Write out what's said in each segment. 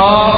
Oh.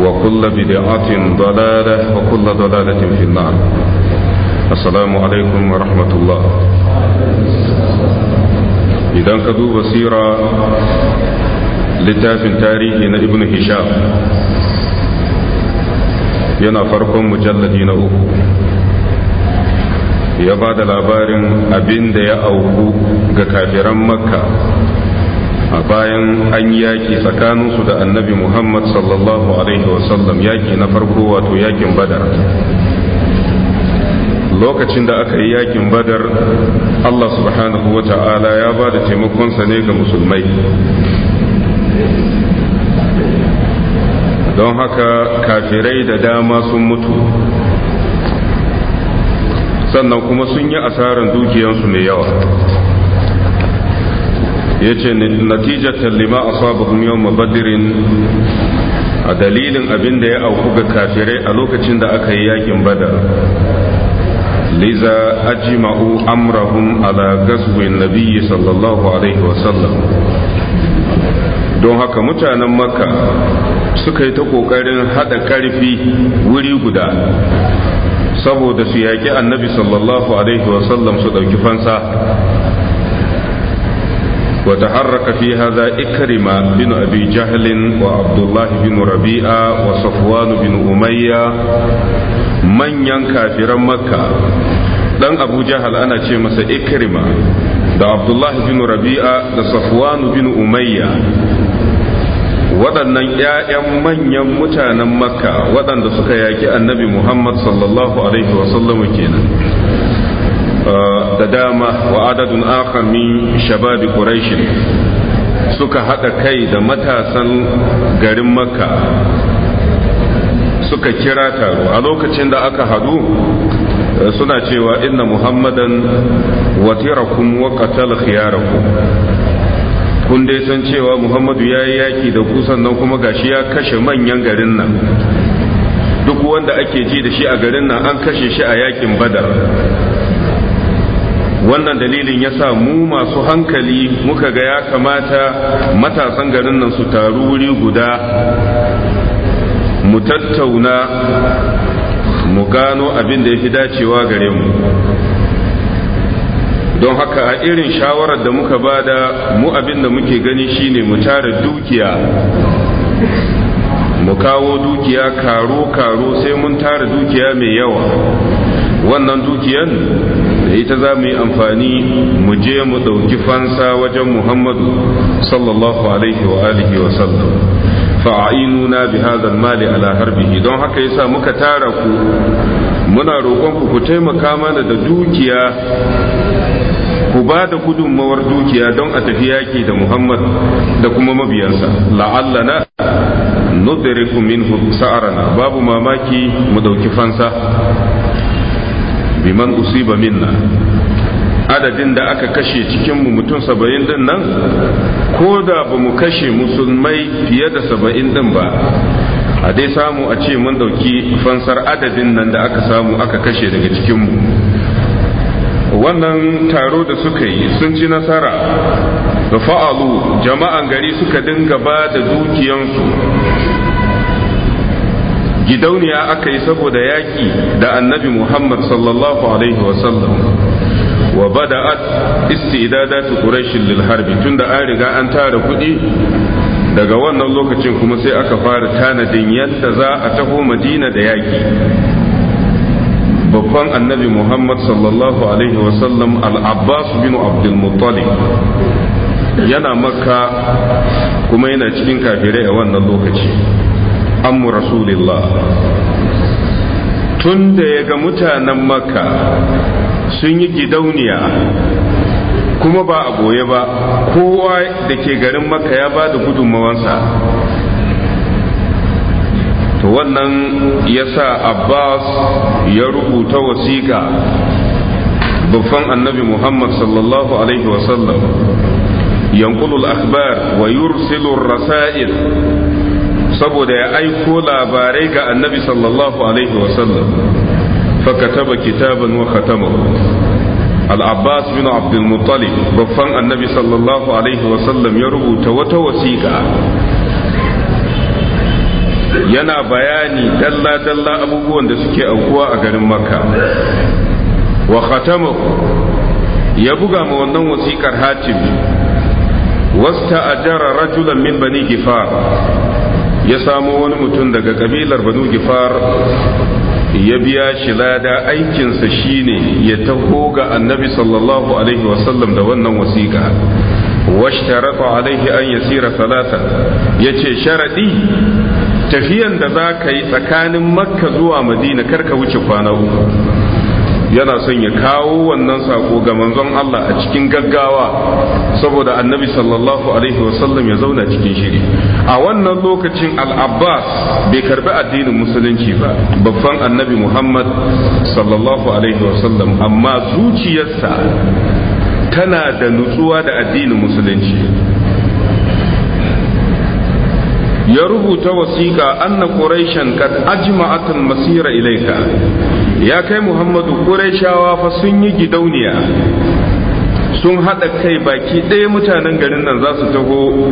وكل بدعة ضلالة وكل ضلالة في النار السلام عليكم ورحمة الله إذا كدو بصيرة لتاف تاريخ ابن هشام yana farkon mujalladi na uku ya ba da labarin abin da ya auku ga kafiran makka a bayan an yaki tsakaninsu da annabi muhammad sallallahu alaihi wasallam yaki na farko wato yakin badar lokacin da aka yi yakin badar allah subhanahu wa ta'ala ya ba da taimakonsa ne ga musulmai don haka kafirai da dama sun mutu sannan kuma sun yi asarar dukiyansu mai yawa yace natijatan lima asabahum yawma badrin a dalilin abin da ya auku ga kafirai a lokacin da aka yi yakin badar liza ajma'u amrahum ala gaswin nabiyyi sallallahu alaihi wasallam don haka mutanen makka suka yi ta kokarin hada karfi wuri guda saboda su yaƙi annabi sallallahu alaihi wasallam su ɗauki fansa وتحرك في هذا إكرمة بن أبي جهل وعبد الله بن ربيعة وصفوان بن أمية من ينكافر مكة dan abu jahal ana ce masa ikrima da abdullahi bin rabi'a da safwanu bin umayya waɗannan 'ya'yan manyan mutanen makka waɗanda suka yaƙi annabi muhammad sallallahu alaihi wasallam kenan da dama wa adadun akhar min shababi quraish suka hada kai da matasan garin makka suka kira taro a lokacin da aka haɗu suna cewa inna muhammadan watirakum wa qatala khiyarakum kun dai san cewa muhammadu ya yi yaki da ku sannan kuma gashi ya kashe manyan garin nan duk wanda ake ji da shi a garin nan an kashe shi a yakin badar wannan dalilin ya sa mu masu hankali muka ga ya kamata matasan garin nan su taru wuri guda mu tattauna mu gano abin da ya fi dacewa gare mu don haka a irin shawarar da muka bada mu abin da muke gani shine mu tara dukiya mu kawo dukiya karo-karo sai mun tara dukiya mai yawa wannan dukiyan da ita za mu yi amfani mu je mu ɗauki fansa wajen muhammadu sallallahu alaihi wa alihi wa sallam fa'ainuna bi hadhal mali ala harbihi don haka yasa muka tara ku muna roƙon ku ku taimaka mana da dukiya ku ba da gudunmawar dukiya don a tafi yaƙi da muhammad da kuma mabiyansa la'allana nudriku minhu sa'arana babu mamaki mu ɗauki fansa biman usiba minna adadin da aka kashe cikinmu mutum saba'in din nan ko da ba mu kashe musulmai fiye da saba'in din ba a dai samu a ce mun ɗauki fansar adadin nan da aka samu aka kashe daga cikinmu wannan taro da suka yi sun ci nasara da fa'alu jama'an gari suka dinga ba da dukiyansu gidauniya aka yi saboda yaki da annabi muhammad sallallahu alaihi wasallam wa bada'at istidadatu quraish lil harbi tunda an riga an tara kuɗi daga wannan lokacin kuma sai aka fara tanadin yadda za a taho madina da yaki babban annabi muhammad sallallahu alaihi wasallam al-abbas bin abdul muttalib yana makka kuma yana cikin kafirai a wannan lokaci ammu rasulillah tun da ya ga mutanen makka sun yi gidauniya kuma ba a goye ba kowa da ke garin makka ya ba da gudunmawansa to wannan ya sa abbas ya rubuta wasiƙa babban annabi muhammad sallallahu alaihi wasallam yankulul akhbar wa yursilur rasa'il saboda ya aiko labarai ga annabi sallallahu alaihi wasallam fakataba kitaban wa khatamahu al-abbas bin abdul muttalib babban annabi sallallahu alaihi wasallam ya rubuta wata wasiƙa yana bayani dalla-dalla abubuwan da suke aukuwa a garin makka wa khatamahu ya buga ma wannan wasiƙar hatim wasta ajara rajulan min bani gifar ya samo wani mutum daga kabilar banu gifar ya biya shi lada aikinsa shine ya taho ga annabi sallallahu alaihi wasallam da wannan wasiƙa washtarata alaihi an yasira salata yace sharadi tafiyan da za ka yi tsakanin makka zuwa madina karka wuce kwana uku yana son ya kawo wannan sako ga manzon Allah a cikin gaggawa saboda annabi sallallahu alaihi wasallam ya zauna cikin shiri a wannan lokacin al-abbas bai karbi addinin musulunci ba babban annabi muhammad sallallahu alaihi wasallam amma zuciyarsa tana da nutsuwa da addinin musulunci ya rubuta wasiƙa anna quraishan kad ajma'atul masira ilayka ya kai muhammadu ƙuraishawa fa sun yi gidauniya sun haɗa kai baki ɗaya mutanen garin nan za su taho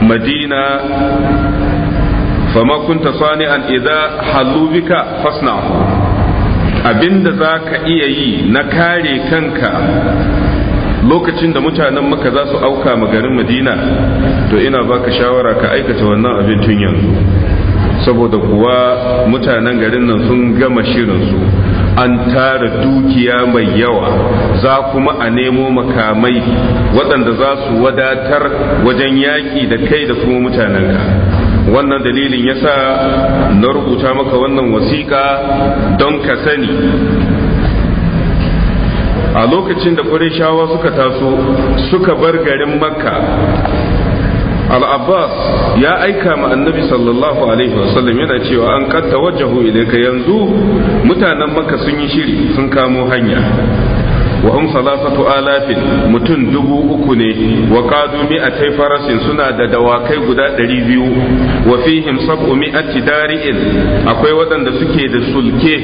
madina fama kunta an idza hallu bika fasna abinda za ka iya yi na kare kanka lokacin da mutanen maka za su auka ma garin madina to ina baka shawara ka aikata wannan abin tun yanzu saboda kuwa mutanen garin nan sun gama shirinsu an tara dukiya mai yawa za kuma a nemo makamai waɗanda za su wadatar wajen yaƙi da kai da kuma mutanenka wannan dalilin ya sa na rubuta maka wannan wasiƙa don ka sani a lokacin da ƙurishawa suka taso suka bar garin makka al ya aika ma annabi sallallahu alaihi wasallam yana cewa an katta wajahu ilaika yanzu mutanen maka sun yi shiri sun kamo hanya wa hum salasatu alafin mutum dubu uku ne wa qadu mi'atai farasin suna da dawakai guda ɗari biyu wa fihim sab'u mi'ati dari'in akwai waɗanda suke da sulke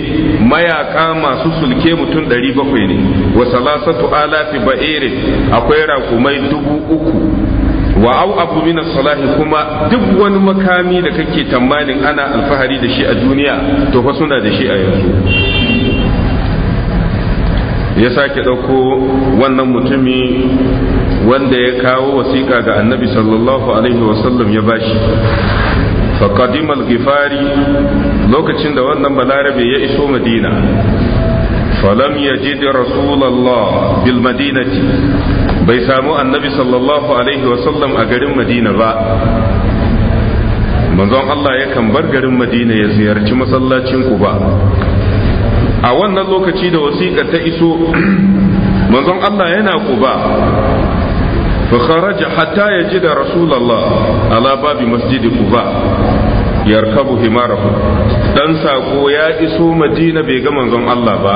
mayaka masu sulke mutum ɗari bakwai ne wa salasatu alafi ba'irin akwai rakumai dubu uku wa au abu min salahi kuma duk wani makami da kake tamanin ana alfahari da shi a duniya to fa suna da shi a yanzu ya sake ɗauko wannan mutumi wanda ya kawo wasiƙa ga annabi sallallahu alaihi wasallam ya bashi faƙadimal gifari lokacin da wannan balarabe ya iso madina falam da rasulallah bil madinati bai samu annabi sallallahu alaihi wasallam a garin madina ba manzon Allah yakan bar garin madina ya ziyarci masallacin ba. a wannan lokaci da wasiƙa ta iso manzon Allah yana kuba fa kharaja hatta yajida rasulullah ala babi masjidi kuba yarkabu himarahu dan sako ya iso madina bai ga manzon Allah ba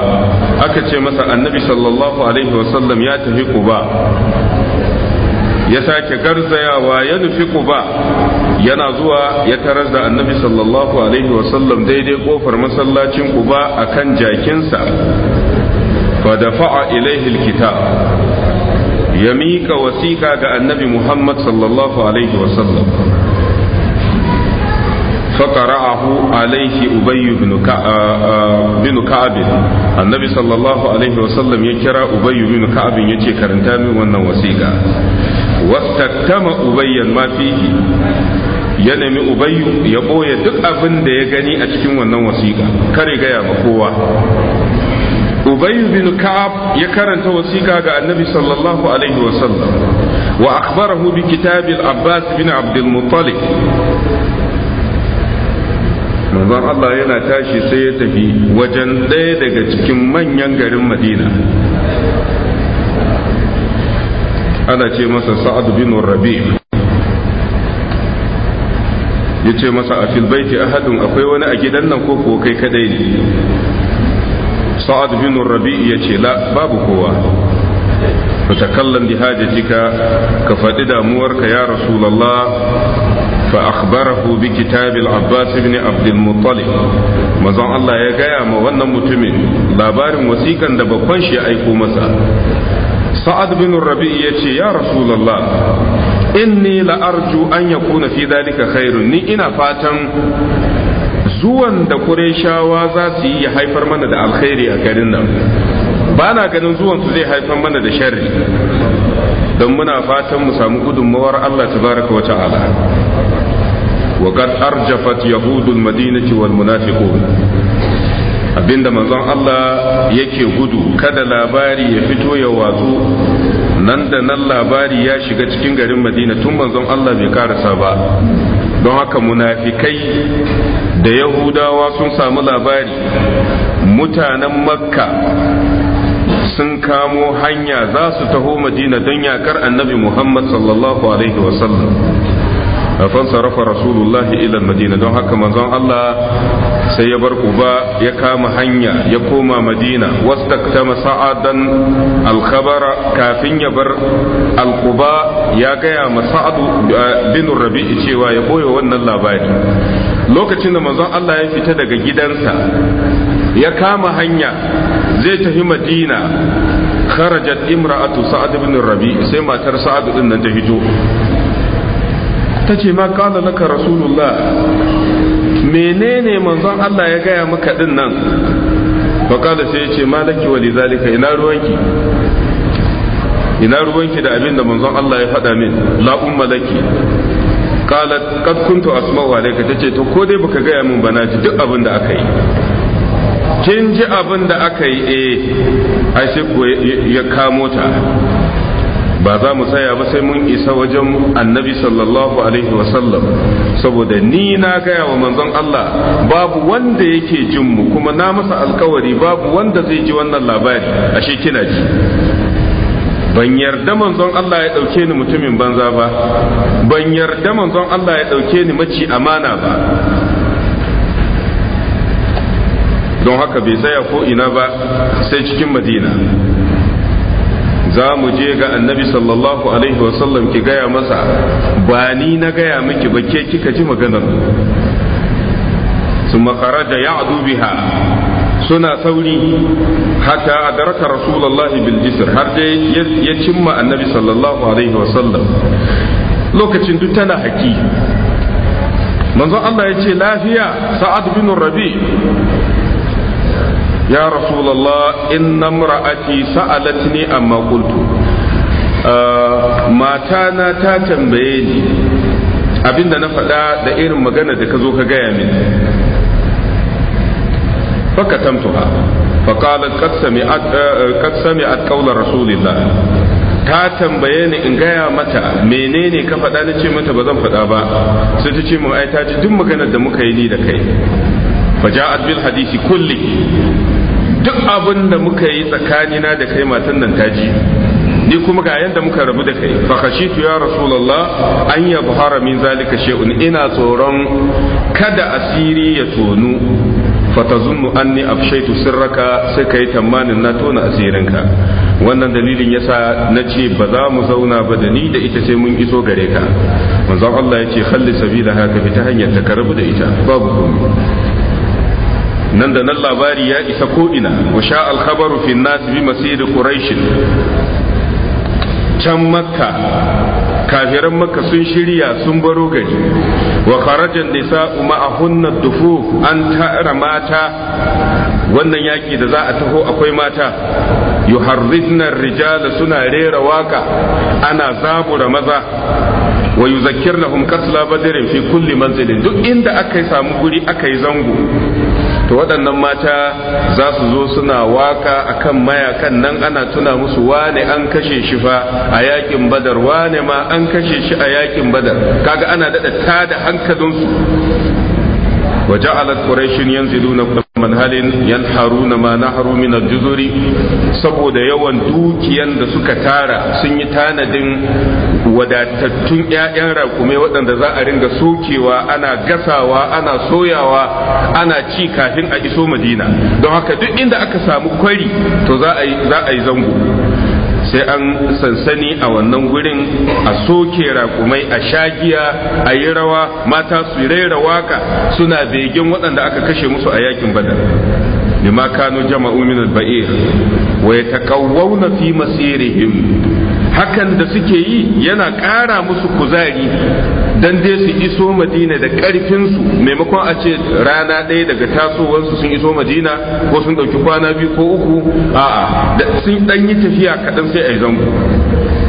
aka ce masa annabi sallallahu alaihi wasallam ya tafi ba ya sake garzayawa ya nufi ba yana zuwa ya tarar da annabi sallallahu alaihi wasallam daidai kofar masallacin a akan jakinsa fa dafa'a ilaihi alkitab ya miƙa wasiƙa ga annabi muhammad sallallahu alaihi wasallam فقرأه عليه أبي بن كعب النبي صلى الله عليه وسلم يكرى أبي بن كعب يتي كرنتامي وانا وسيقا واستكتم أبي ما فيه ya nemi ubayyu ya ɓoye duk abin da ya gani a cikin wannan wasiƙa kare gaya ma kowa Ubayu bin ka'ab ya karanta wasiƙa ga annabi sallallahu alaihi wasallam wa akhbarahu bi kitabil abbas bin abdul muttalib manzon Allah yana tashi sai ya tafi wajen ɗaya daga cikin manyan garin madina ana ce masa sa'ad bin rabi ya ce masa a filbaiti ahadun akwai wani a gidan nan ko kai kadai ne sa'ad bin rabi ya ce la babu kowa fatakallam bi hajatika ka faɗi damuwarka ya rasulullah fa akhbarahu bi kitabil abbas ibn abdul muttalib Allah ya gaya ma wannan mutumin labarin wasikan da bakon shi ya aiko masa sa'ad bin rabi ya ce ya rasulullah inni la'arju an yakuna fi dalika khairun ni ina fatan zuwan da Qurayshawa za su yi ya haifar mana da alkhairi a garin nan ba na ganin zuwansu zai haifar mana da sharri don muna fatan mu samu gudunmawar Allah Ta baraka wa ta'ala wa qad arjafat yahudul madinati wal munafiqun abinda manzon Allah yake gudu kada labari ya fito ya watsu nan da nan labari ya shiga cikin garin Madina tun manzon Allah bai karasa ba don haka munafikai da yahudawa sun samu labari mutanen makka sun kamo hanya za su taho madina don yakar annabi muhammad sallallahu alaihi wasallam fansarafa rasulullahi ila madina don haka manzon Allah sai ya bar kuba ya kama hanya ya koma madina wastaktama sa'adan alkhabara kafin ya bar alkuba ya gaya ma sa'adu eh, bin rabi'i cewa ya boye wannan labari lokacin da manzon Allah ya fita daga gidansa ya kama hanya zai tafi madina kharajat imra'atu sa'ad ibn rabi sai matar sa'ad din nan ta hijo tace ma qala laka rasulullah menene manzon Allah ya gaya maka din nan fa qala sai ce malaki wa lidhalika ina ruwanki ina ruwanki da abin da manzon Allah ya faɗa min la umma laki qalat qad kuntu asma'u alayka tace to ko dai baka gaya min ba na ji duk abin da aka yi kin ji abin da aka yi eh ai kuwa ya kamo ta ba za mu tsaya ba sai mun isa wajen annabi sallallahu alaihi wasallam saboda ni na gaya wa manzon Allah babu wanda yake jin mu kuma na masa alkawari babu wanda zai ji wannan labari ashe kina ji ban yarda manzon Allah ya ɗauke ni mutumin banza ba ban yarda manzon Allah ya ɗauke ni maci amana ba don haka bai tsaya ko ina ba sai cikin madina za mu je ga annabi sallallahu alaihi wasallam ki gaya masa ba ni na gaya miki ba ke kika ji maganar su makaraja ya biha suna sauri hata daraka rasulallahi bil jisr har dai ya cimma annabi sallallahu alaihi wasallam lokacin duk tana haki manzon Allah ya ce lafiya sa'ad bin rabi ya rasulullah inna imra'ati sa'alatni amma qultu ah, mata na ta tambaye ni abinda na faɗa da irin magana da ka zo ka gaya min faka tamtuha faqalat qad sami'at ah, qad rasulillah ta tambaye ni in gaya mata menene ka faɗa na ce mata ba zan faɗa ba sai ta ce ta ji duk maganar da muka yi ni da kai faja'at bil hadisi kulli duk abin da muka yi tsakani na da kai matan nan ta ji ni kuma ga yanda muka rabu da kai fa khashitu ya rasulullah an ya buhara min zalika shay'un ina tsoron kada asiri ya tonu fa tazunnu anni afshaytu sirraka sai kai tamanin na tona asirinka wannan dalilin yasa na ce ba za mu zauna ba da ni da ita sai mun iso gare ka manzon Allah ya ce khalli sabila haka fita hanyar ta rabu da ita babu komai nan da nan labari ya isa ko'ina wa sha alkhabaru fi nas bi masid quraish can makka kafiran makka sun shirya sun baro gari wa kharajan nisa'u ahunna dufu an tara mata wannan yaki da za a taho akwai mata yuharrizna rijala suna rera waka ana zabura maza wa yuzakkirnahum kasla badrin fi kulli manzilin duk inda aka samu guri aka yi zango to waɗannan mata za su zo suna waka akan mayakan nan ana tuna musu wane an kashe shi fa a yakin badar wane ma an kashe shi a yakin badar kaga ana daɗa ta tada hankalinsu وجعلت قريش ينزلون manhalin yan haruna ma na haru min saboda yawan dukiyan da suka tara sun yi tanadin wadatattun 'ya'yan rakume waɗanda za a ringa sokewa ana gasawa ana soyawa ana ci kafin a iso madina don haka duk inda aka samu kwari to za a yi zango sai an sansani a wannan gurin a soke raƙumai a shagiya a yi rawa mata su raira waka suna begin waɗanda aka kashe musu a yakin badar لما كانوا جمعوا min al ويتقوون في مسيرهم hakan da suke yi yana ƙara musu kuzari dan dai su iso madina da ƙarfinsu maimakon a ce rana ɗaya daga tasowarsu sun iso madina ko sun ɗauki kwana biyu ko uku a'a sun ɗan yi tafiya kaɗan sai a yi zango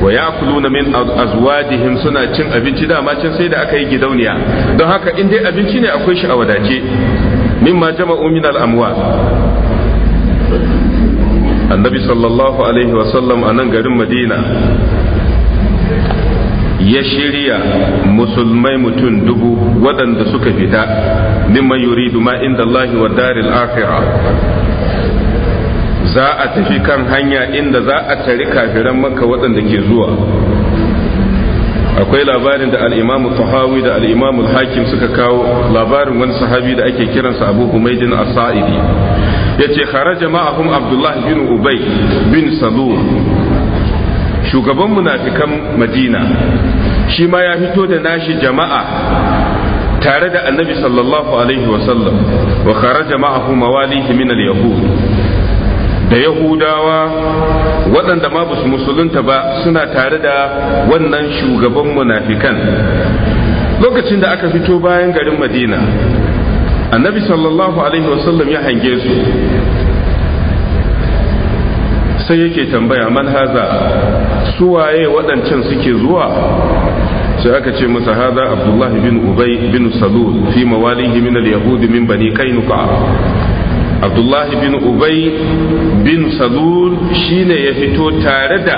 wa ya min azwajihim suna cin abinci dama can sai da aka yi gidauniya don haka in dai abinci ne akwai shi a wadace mimma jama'u min al annabi sallallahu alaihi wasallam a nan garin madina ya shirya musulmai mutum dubu waɗanda suka fita mimman yuridu ma inda Allahi wa daril akhirah za a tafi kan hanya inda za a tari kafiran maka waɗanda ke zuwa akwai labarin da al'imamu tahawi da al'imamu hakim suka kawo labarin wani sahabi da ake kiransa abu humaidin asa'idi ya ce kharaja ma'ahum abdullahi bin ubay bin salul shugaban munafikan madina shi ma ya fito da nashi jama'a tare da annabi sallallahu alaihi wasallam wa kharaja ma'ahu mawalihi min al-yahud da yahudawa waɗanda ma su musulunta ba suna tare da wannan shugaban munafikan lokacin da aka fito bayan garin madina annabi sallallahu alaihi wasallam ya hange su sai yake tambaya man haza suwaye waɗancan suke zuwa sai aka ce masa haza abdullahi bin ubay bin salul fi mawalihi min al-yahud min bani kainuka abdullahi bin ubay bin salul shine ya fito tare da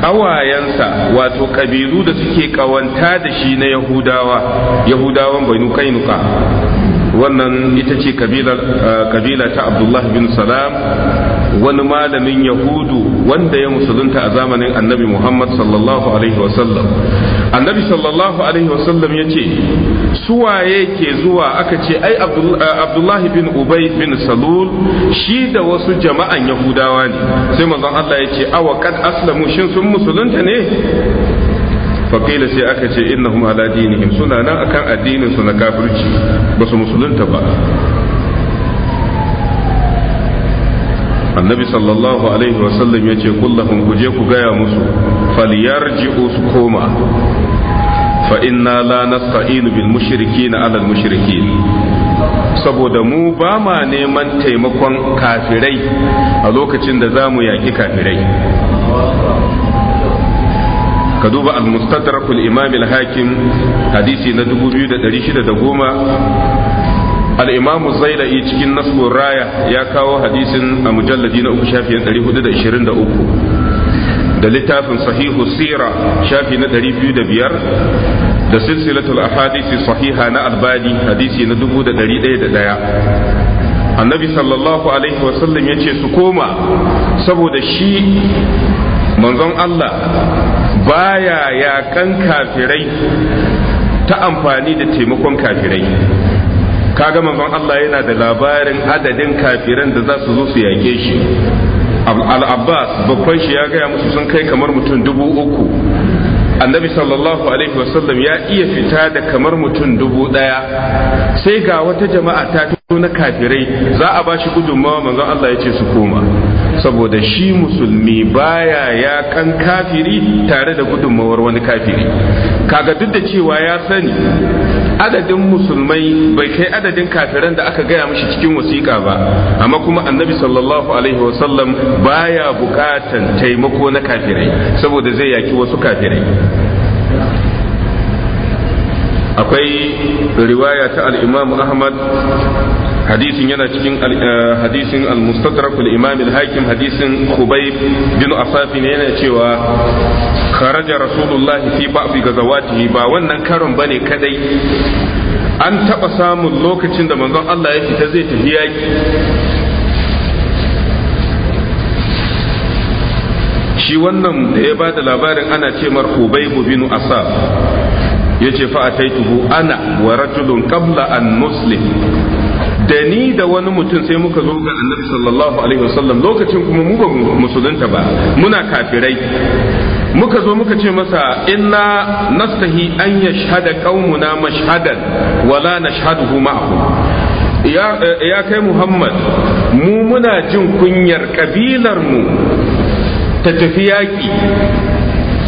ƙawayensa wato ƙabilu da suke ƙawanta da shi na yahudawa yahudawan banu kainuka wannan ita ce kabila ta abdullahi bin salam wani malamin yahudu wanda ya musulunta a zamanin annabi muhammad sallallahu alaihi wasallam annabi sallallahu alaihi wasallam ya ce suwaye ke zuwa aka ce ai abdullahi bin ubay bin salul shi da wasu jama'an yahudawa ne sai manzon allah ya ce awa kad aslamu shin sun musulunta ne faƙila sai aka ce innahum kuma dinihim suna nan akan addininsu na kafirci ba su musulunta ba annabi sallallahu alaihi wasallam ya ce kullahun ku je ku gaya musu falyarji'u su koma fa inna la nasta'inu bil mushrikin ala mushrikin saboda mu ba ma neman taimakon kafirai a lokacin da za mu yaƙi kafirai ka duba al-mustadrak al-imam al-hakim hadisi na 2610 الإمام الزيلئي cikin نصب raya ya kawo hadisin a mujalladi na uku shafiyan 423 da littafin sahihu sira shafi na 205 da silsilatul ahadisi sahiha na albani hadisi na 1101 annabi sallallahu alaihi wasallam ya ce su koma saboda shi manzon Allah baya yakan kafirai ta amfani da taimakon kafirai kaga manzon Allah yana da labarin adadin kafiran da za su zo su yake shi al-abbas babban shi ya gaya musu sun kai kamar mutum dubu uku annabi sallallahu alaihi wasallam ya iya fita da kamar mutum dubu daya sai ga wata jama'a ta fito na kafirai za a ba shi gudunmawa manzon Allah ya ce su koma saboda shi musulmi baya ya kan kafiri tare da gudunmawar wani kafiri kaga duk da cewa ya sani adadin musulmai bai kai adadin kafiran da aka gaya mishi cikin wasiƙa ba amma kuma annabi sallallahu alaihi wasallam baya buƙatan taimako na kafirai saboda zai yaki wasu kafirai akwai riwaya ta al ahmad hadisin yana cikin eh, hadisin al-mustadrak al-imam al-hakim hadisin khubayb bin asafi ne yana cewa kharaja rasulullah fi ba'd gazawatihi ba wannan karon bane kadai an taba samun lokacin da manzon Allah ya fita zai tafi yaki shi wannan da ya ba da labarin ana ce mar hubaybu bin asaf yace fa ataituhu ana wa rajulun ƙabla an muslim da ni da wani mutum sai muka zo ga annabi sallallahu alaihi wasallam lokacin kuma mu ba musulunta ba muna kafirai muka zo muka ce masa inna nastahi an yashhada qaumuna mashhadan wala nashhaduhu ma'ahu eh, ya kai muhammad mu muna jin kunyar kabilar mu ta tafi yaƙi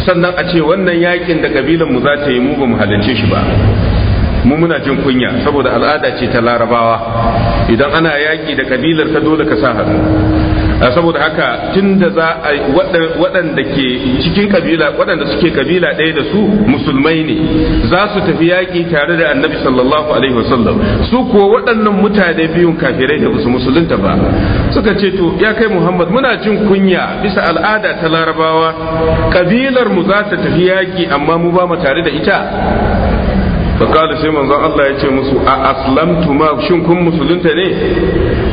sannan a ce wannan yaƙin da kabilar mu za ta yi mu ba mu halarce shi ba mu muna jin kunya saboda al'ada ce ta larabawa idan ana yaƙi da kabilar ka dole ka sa hannu saboda haka tun da za a waɗanda ke cikin kabila waɗanda suke kabila ɗaya da su musulmai ne za su tafi yaƙi tare da annabi sallallahu alaihi wasallam su kuwa waɗannan mutane biyun kafirai da su musulunta ba suka ce to ya kai muhammad muna jin kunya bisa al'ada ta larabawa kabilar mu za ta tafi yaƙi amma mu ba mu tare da ita فقال sai manzon Allah ya ce musu a aslamtu ma shin kun musulunta ne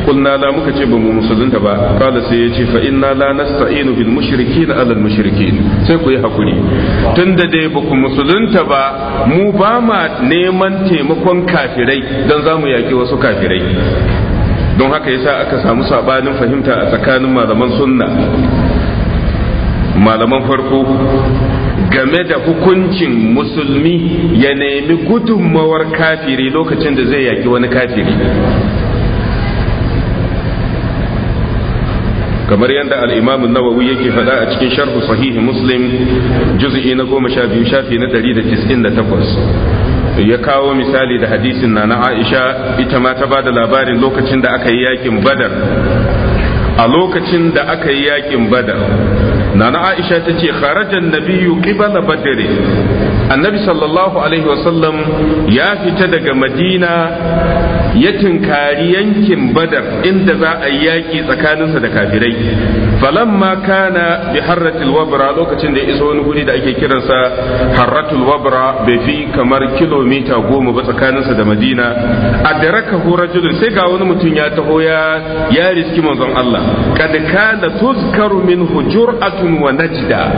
kulna la muka ce ba mu musulunta ba kala sai ya ce fa inna la nasta'inu bil mushrikin ala al mushrikin sai ku yi hakuri tunda dai ba ku musulunta ba mu ba ma neman taimakon kafirai dan zamu yaki wasu kafirai don haka yasa aka samu sabanin fahimta a tsakanin malaman sunna malaman farko game da hukuncin musulmi ya nemi gudunmawar kafiri lokacin da zai yaki wani kafiri kamar yadda al'imam nawawi yake faɗa a cikin sharhu sahihi muslim juz'i na goma sha biyu shafi na ɗari da da takwas ya kawo misali da hadisin na na aisha ita ma ta ba da labarin lokacin da aka yi yakin badar a lokacin da aka yi yakin badar nana aisha ta ce kharajan nabiyyu qibala badr annabi sallallahu alaihi wasallam ya fita daga madina ya tunkari yankin badar inda za a yi yaƙi tsakaninsa da kafirai falamma kana bi harratul wabra lokacin da ya iso wani guri da ake kiransa harratul wabra bai fi kamar kilomita goma ba tsakaninsa da madina adrakahu rajulun sai ga wani mutum ya taho ya ya riski manzon Allah kad kana tuzkaru min hujuratun wa najda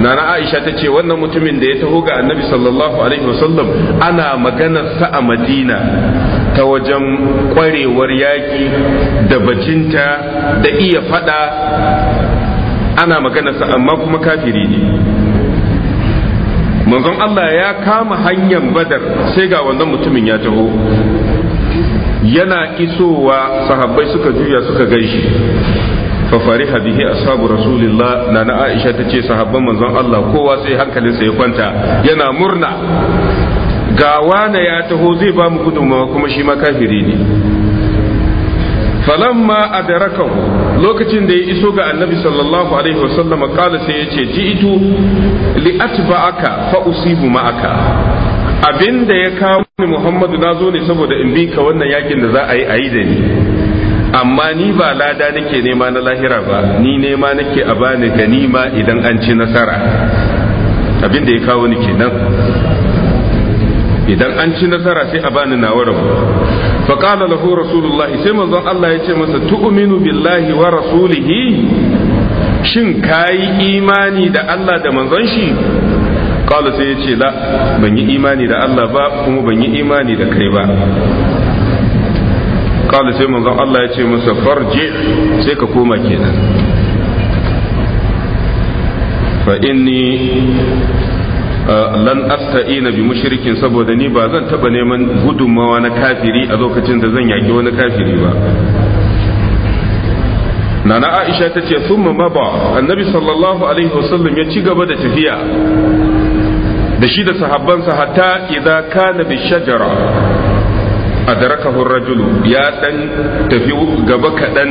nana Aisha tace wannan mutumin da ya taho ga Annabi sallallahu alaihi wasallam ana maganar sa a Madina ta wajen kwarewar yaƙi da bajinta da iya faɗa ana maganarsa amma kuma kafiri ne manzon Allah ya kama hanyar badar sai ga wannan mutumin ya taho yana isowa sahabbai suka juya suka gaishe fafariha bihi ashabu rasulillah na na aisha ta ce sahabban manzon Allah kowa sai hankalinsa ya kwanta yana murna ga wane ya taho zai ba mu gudunmawa kuma shi ma kafiri ne falamma adrakahu lokacin da ya iso ga annabi sallallahu alaihi wasallam kala sai yace ji'itu li atba'aka fa usibu ma'aka abinda ya kawo ni Muhammadu na zo ne saboda in bi ka wannan yakin da za a yi a yi da ni amma ni ba lada nake nema na lahira ba ni nema nake a bani ganima idan an ci nasara abinda ya kawo ni kenan idan an ci nasara sai a bani nawa rabu fa qala lahu rasulullah sai manzon Allah ya ce masa tu'minu billahi wa rasulihi shin kayi imani da Allah da manzon shi qala sai ya ce la ban yi imani da Allah ba kuma ban yi imani da kai ba qala sai manzon Allah ya ce masa farji sai ka koma kenan fa inni Eh, lan asta'ina bi mushrikin saboda ni ba zan taba neman gudunmawa na kafiri a lokacin da zan yaki wani kafiri ba nana aisha ta ce sun maba annabi sallallahu alaihi wasallam ya ci gaba da tafiya da shi da sahabbansa hatta idza kana bi shajara adrakahu rajulu ya dan tafi gaba kaɗan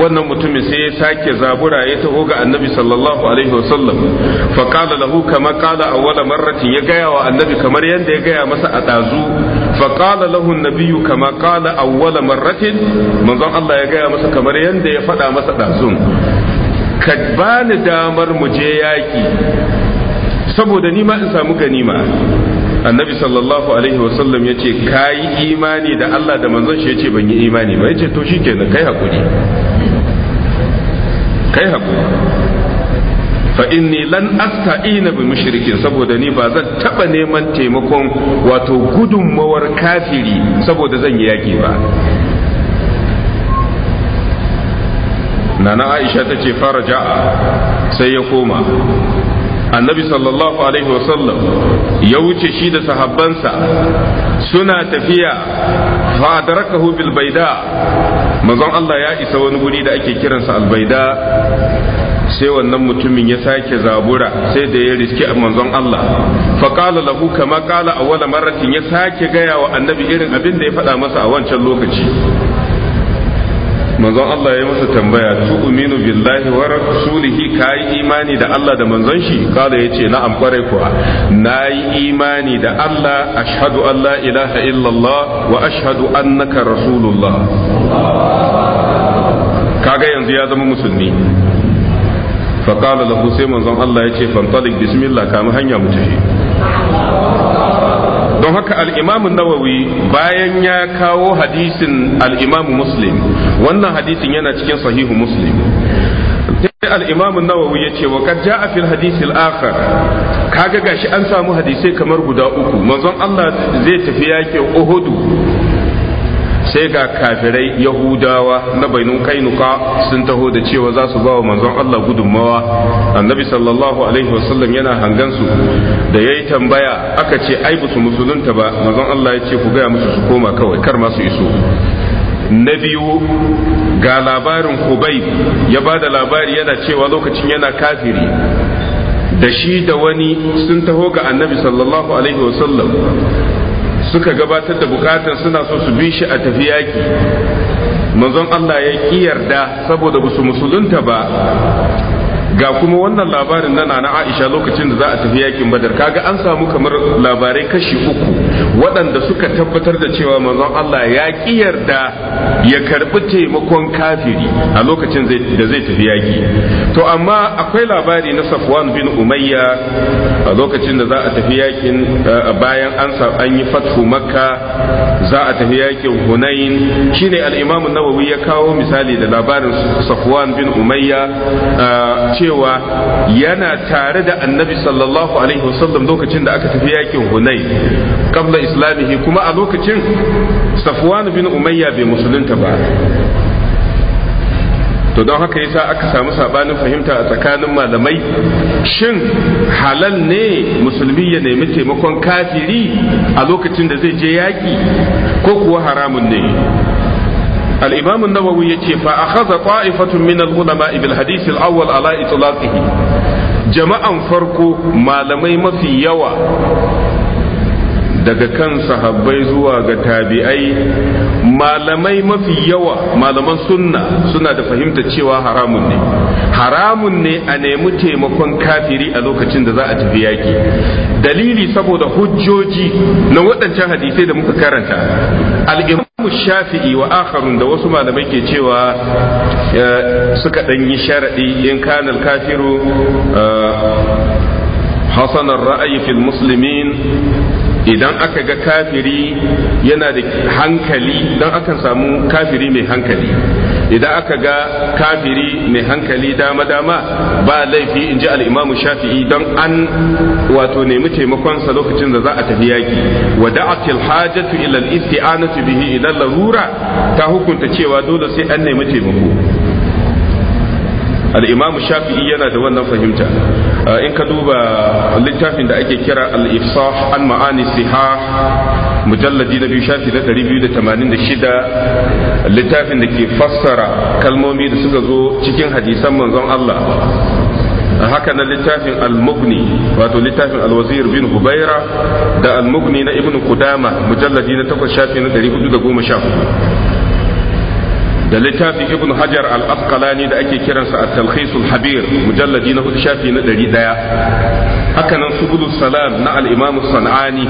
wannan mutumin sai ya sake zabura ya taho ga annabi sallallahu alaihi wasallam fa qala lahu kama qala awwala marratin ya gaya wa annabi kamar yadda ya gaya masa a dazu fa qala lahu nabiyyu kama qala awwala marratin manzon Allah ya gaya masa kamar yadda ya faɗa masa dazun ka bani damar mu je yaki saboda ni ma in samu ganima annabi sallallahu alaihi wasallam ya ce ka yi imani da Allah da manzon shi ya ce ban yi imani ba ya ce to shi kenan kai hakuri kai hakuri fa inni lan asta'ina bi mushrikin saboda ni ba zan taba neman taimakon wato gudunmawar kafiri saboda zan yi yaki ba nana aisha ta ce fara ja'a sai ya koma annabi sallallahu alaihi wasallam ya wuce shi da sahabbansa suna tafiya fadarakahu bil baida manzon Allah ya isa wani guri da ake kiransa albaida sai wannan mutumin ya sake zabura sai da ya riski a manzon Allah faƙala lahu kama ƙala a wala maratin ya sake gaya wa annabi irin abin da ya faɗa masa a wancan lokaci manzon Allah ya masa tambaya tu'minu billahi wa rasulihi kai imani da Allah da manzon shi kala yace na'am kwarai kuwa nayi imani da Allah ashhadu an la ilaha illallah wa ashhadu annaka rasulullah kaga yanzu ya zama musulmi fa qala lahu sai manzon Allah yace fantalik bismillah kama hanya mu tafi don haka al'imamu nawawi bayan ya kawo hadisin al'imam muslim wannan hadisin yana cikin sahihu muslim sai al'imamu nawawi ya ce wa ja a fil hadisi al'akar kaga gashi an samu hadisai kamar guda uku manzon Allah zai tafi yake uhudu sai ga kafirai yahudawa na bainun kainuka sun taho da cewa za su ba wa manzon Allah gudunmawa annabi sallallahu alaihi wasallam yana hangansu da yayi tambaya aka ce ai su musulunta ba manzon Allah ya ce ku gaya musu su koma kawai kar ma su iso na biyu ga labarin kubai ya ba da labari yana cewa lokacin yana kafiri da shi da wani sun taho ga annabi sallallahu alaihi wasallam suka gabatar da bukatan suna so su bi shi a tafi yaki manzon Allah ya ƙi yarda saboda ba su musulunta ba ga kuma wannan labarin na na Aisha lokacin da za a tafi yakin Badar kaga an samu kamar labarai kashi uku waɗanda suka tabbatar da cewa manzon Allah ya ƙi yarda ya karɓi taimakon kafiri a lokacin da zai tafi yaki to amma akwai labari na Safwan bin Umayya a lokacin da za a tafi yakin eh, bayan an an yi fathu Makka za a tafi yakin Hunain shine al-Imam an-Nawawi ya kawo misali da labarin Safwan bin Umayya eh, cewa yana tare da annabi sallallahu alaihi wasallam lokacin da aka tafi yakin hunai kabla islamihi kuma a lokacin safwan bin umayya bai musulunta ba to don haka yasa aka samu sabanin fahimta a tsakanin malamai shin halal ne musulmi ya nemi taimakon kafiri a lokacin da zai je yaki ko kuwa haramun ne al-imam an-nawawi yace fa akhadha qa'ifatun min al-ulama bil hadith al-awwal ala itlaqihi jama'an farko malamai mafi yawa daga kan sahabbai zuwa ga tabi'ai malamai mafi yawa malaman sunna suna da fahimta cewa haramun ne haramun ne a nemi taimakon kafiri a lokacin da za a tafi yaki dalili saboda hujjoji na waɗancan hadisai da muka karanta al'imamu shafi'i wa akharun da wasu malamai ke cewa suka ɗan yi sharaɗi in kanal kafiru eh, hasanar ra'ayi fil muslimin idan aka ga kafiri yana da hankali don akan samu kafiri mai hankali idan aka ga kafiri mai hankali dama-dama ba laifi in ji al'imamu shafi'i don an wato nemi taimakonsa lokacin da za a tafi yaƙi wa da'atil hajatu ilal isti'anatu bihi idan larura ta hukunta cewa dole sai an nemi taimako al-imam shafi'i yana da wannan fahimta uh, in ka duba littafin da ake kira al-ifsah an ma'ani siha mujalladi na biyu shafi na 286 littafin da ke fassara kalmomi da suka zo cikin hadisan manzon Allah uh, haka na littafin al-mughni wato littafin al-wazir bin hubaira da al-mughni na ibnu kudama mujalladi na 8 shafi na 414 da littafin ibn hajar al-asqalani da ake kiransa a talkhisul habir mujalladi na hudu shafi na ɗari ɗaya hakanan subulu salam na al-imam sanani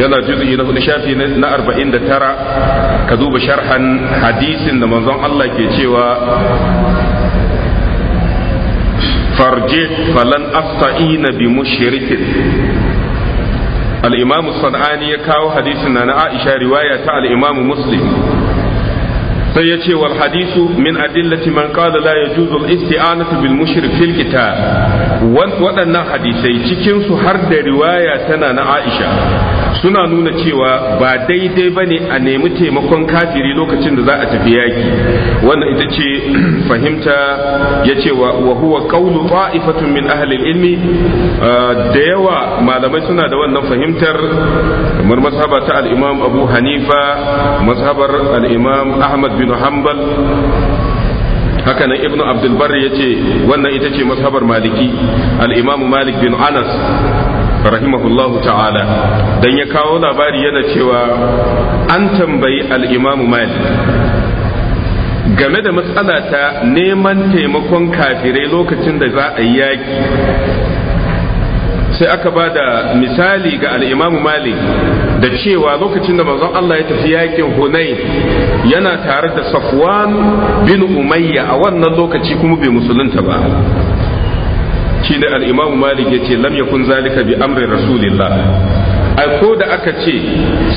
yana juz'i na hudu shafi na arba'in da tara ka duba sharhan hadisin da manzon Allah ke cewa farje falan asta'ina bi mushrikin al-imam sanani ya kawo hadisin na Aisha riwaya ta al-imam muslim sai ya ce wal hadisu min adillati man qala la yajuzu al-isti'anatu bil mushrik fil qital waɗannan hadisai cikin su har da riwaya tana na Aisha suna nuna cewa ba daidai ba ne a nemi taimakon kafiri lokacin da za a tafi yaki wannan ita ce fahimta ya ce wa wahuwa qawlu ta'ifatun min ahalin ilmi ah, da yawa malamai suna da wannan fahimtar kamar mazhaba ta al Abu Hanifa mas'abar al Ahmad bin Hanbal haka nan ibnu abdulbar ya ce wannan ita ce mas'abar maliki al'imamu malik bin anas rahimahullahu ta'ala dan ya kawo labari yana cewa an tambayi al'imamu malik game da matsala ta neman taimakon kafirai lokacin da za a yi yaƙi sai aka ba da misali ga al'imamu malik da cewa lokacin da manzon Allah ya tafi yakin hunai yana tare da safwan bin umayya a wannan lokaci kuma bai musulunta ba shi ne imam malik ya ce lam yakun zalika bi amrin rasulillah ai ko da aka ce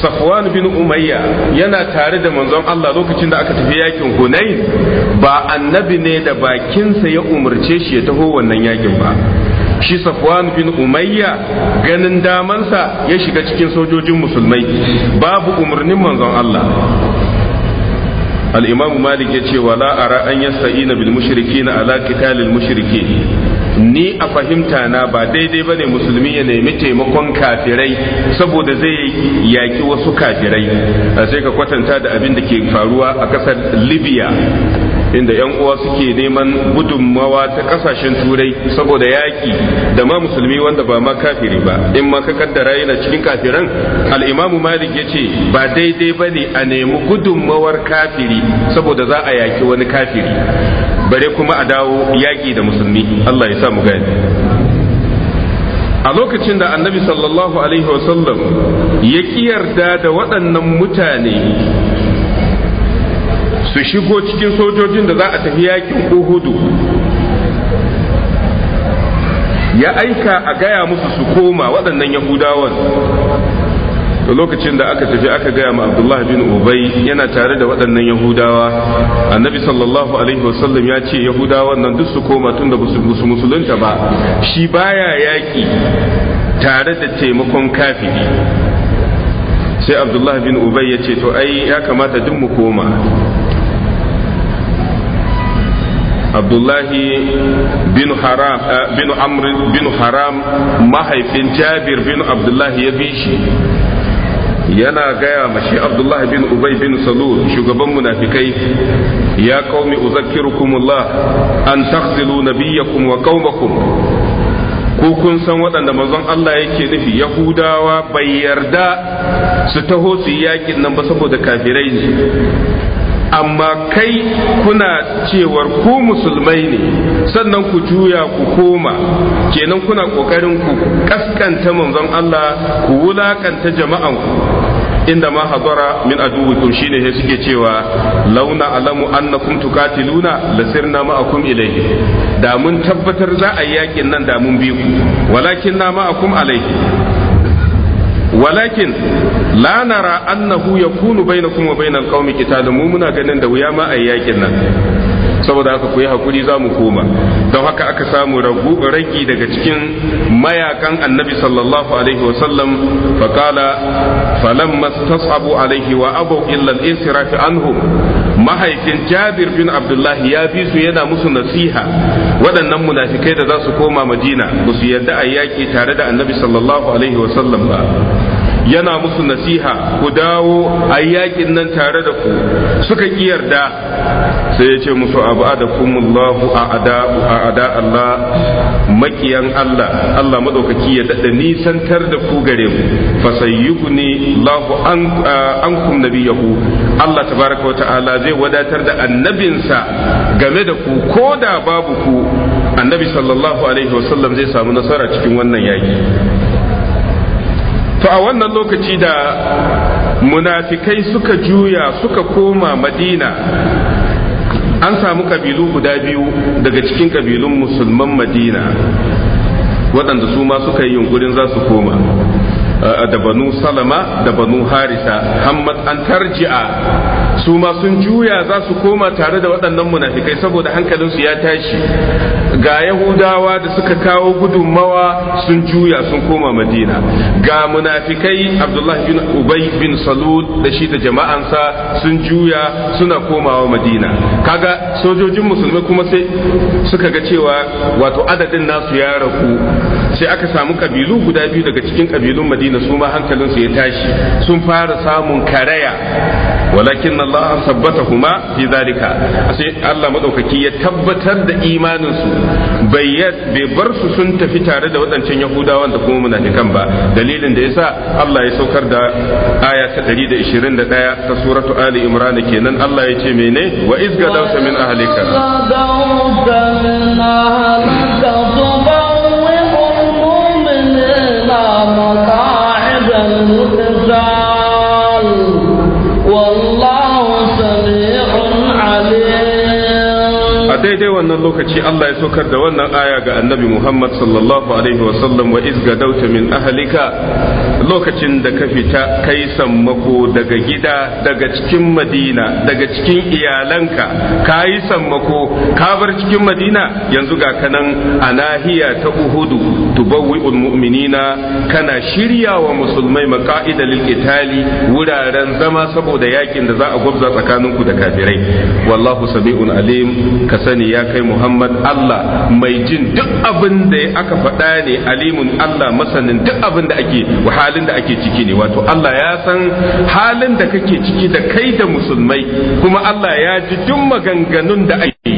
safwan bin umayya yana tare da manzon Allah lokacin da aka tafi yakin hunain ba annabi ne da bakinsa ya umarce shi ya taho wannan yakin ba shi safwan bin umayya ganin damansa ya shiga cikin sojojin musulmai babu umarnin manzon Allah al malik malik ce wala ara an na bilmushiriki na ala mushiriki ni a fahimta na ba daidai ba ne musulmi ya nemi taimakon kafirai saboda zai yaki wasu kafirai sai ka kwatanta da abin da ke faruwa a ƙasar libya inda yan uwa suke neman gudunmawa ta kasashen turai saboda yaki da ma musulmi wanda ba ma kafiri ba in ma ka kaddara yana cikin kafiran al-imamu malik yace ba daidai bane a nemi gudunmawar kafiri saboda za a yaki wani kafiri bare kuma a dawo yaki da musulmi Allah ya sa mu gani a lokacin da annabi sallallahu alaihi wasallam ya yarda da waɗannan mutane su shigo cikin sojojin da za a tafi yakin uhudu ya aika a gaya musu su koma waɗannan yahudawan da lokacin da aka tafi aka gaya ma abdullahi bin ubai yana tare da waɗannan yahudawa annabi sallallahu alaihi wasallam ya ce yahudawan nan duk su koma tun da su musulunta ba shi baya yaƙi tare da taimakon kafiri sai abdullahi bin ubai ya ce to ai ya kamata duk mu koma عبد الله بن حرام آه، بن عمرو بن حرام ما هي بن جابر بن عبد الله يبيشي يانا غايا مشي عبد الله بن ابي بن سلول شغبان منافقين يا قوم اذكركم الله ان تخزلوا نبيكم وقومكم ko kun san waɗanda mazan Allah yake nufi yahudawa bai yarda su taho su yi yakin nan ba saboda kafirai ne amma kai kuna cewar ku musulmai ne sannan ku juya ku koma kenan kuna ƙoƙarin ku kaskanta manzon Allah ku wulakanta jama'an ku inda ma hadara min aduwikum shine sai suke cewa launa alamu annakum tuqatiluna lasirna ma'akum ilayhi da mun tabbatar za a yakin nan da mun bi ku walakin na ma'akum alayhi walakin la ya kunu yakunu bainakum wa bainal qaumi qitalun mu muna ganin da wuya ma ayi yakin nan saboda haka ku yi hakuri za mu koma don haka aka samu ragi daga cikin mayakan annabi sallallahu alaihi wasallam faƙala falamma tasabu alaihi wa abu illa al-insirafi anhu mahaifin jabir bin abdullahi ya bi su yana musu nasiha waɗannan munafikai da za su koma madina ba su yarda a yaƙi tare da annabi sallallahu alaihi wasallam ba yana musu nasiha ku dawo a yakin nan tare da ku suka ki yarda sai ya ce musu abu adakumullahu a ada Allah makiyan Allah Allah madaukaki ya dada nisantar da ku gare mu fasayyukuni lahu ankum nabiyahu Allah tabaraka wa ta'ala zai wadatar da annabinsa game da ku ko da babu ku annabi sallallahu alaihi wasallam zai samu nasara cikin wannan yaki to a wannan lokaci da munafikai suka juya suka koma madina an samu kabilu guda biyu daga cikin kabilun musulman madina waɗanda su ma suka yi yunkurin za su koma da banu salama da banu harisa hammat an tarji'a su ma sun juya za su koma tare da waɗannan munafikai saboda hankalinsu ya tashi ga yahudawa da suka kawo gudunmawa sun juya sun koma madina ga munafikai abdullahi bin ubay bin salud da shi da jama'ansa sun juya suna komawa madina kaga sojojin musulmi kuma sai suka ga cewa wato adadin nasu ya raku sai aka samu kabilu guda biyu daga cikin kabilun madina su ma hankalinsu ya tashi sun fara samun karaya walakin Allah kuma fi zalika sai Allah madaukaki ya tabbatar da imanin su bai bar su sun tafi tare da waɗancan Yahudawan da kuma munafikan ba dalilin da yasa Allah ya saukar da aya ta 121 ta suratu Ali Imran kenan Allah ya ce mene wa izgadawta min ahlika min ahlika daidai wannan lokaci Allah ya saukar da wannan aya ga annabi Muhammad sallallahu alaihi wasallam wa izga dauta min ahalika lokacin da ka fita kai sammako daga gida daga cikin madina daga cikin iyalanka ka yi sammako ka bar cikin madina yanzu ga kanan a nahiya ta uhudu tubawwi'ul mu'minina kana shirya wa musulmai maqa'ida lil wuraren zama saboda yakin da za a gwabza tsakaninku da kafirai wallahu sami'un alim ka sani ya kai Muhammad Allah mai jin duk abin da aka faɗa ne alimun Allah masanin duk abin da ake wa halin da ake ciki ne wato Allah ya san halin da kake ciki da kai da musulmai kuma Allah ya ji duk maganganun da ake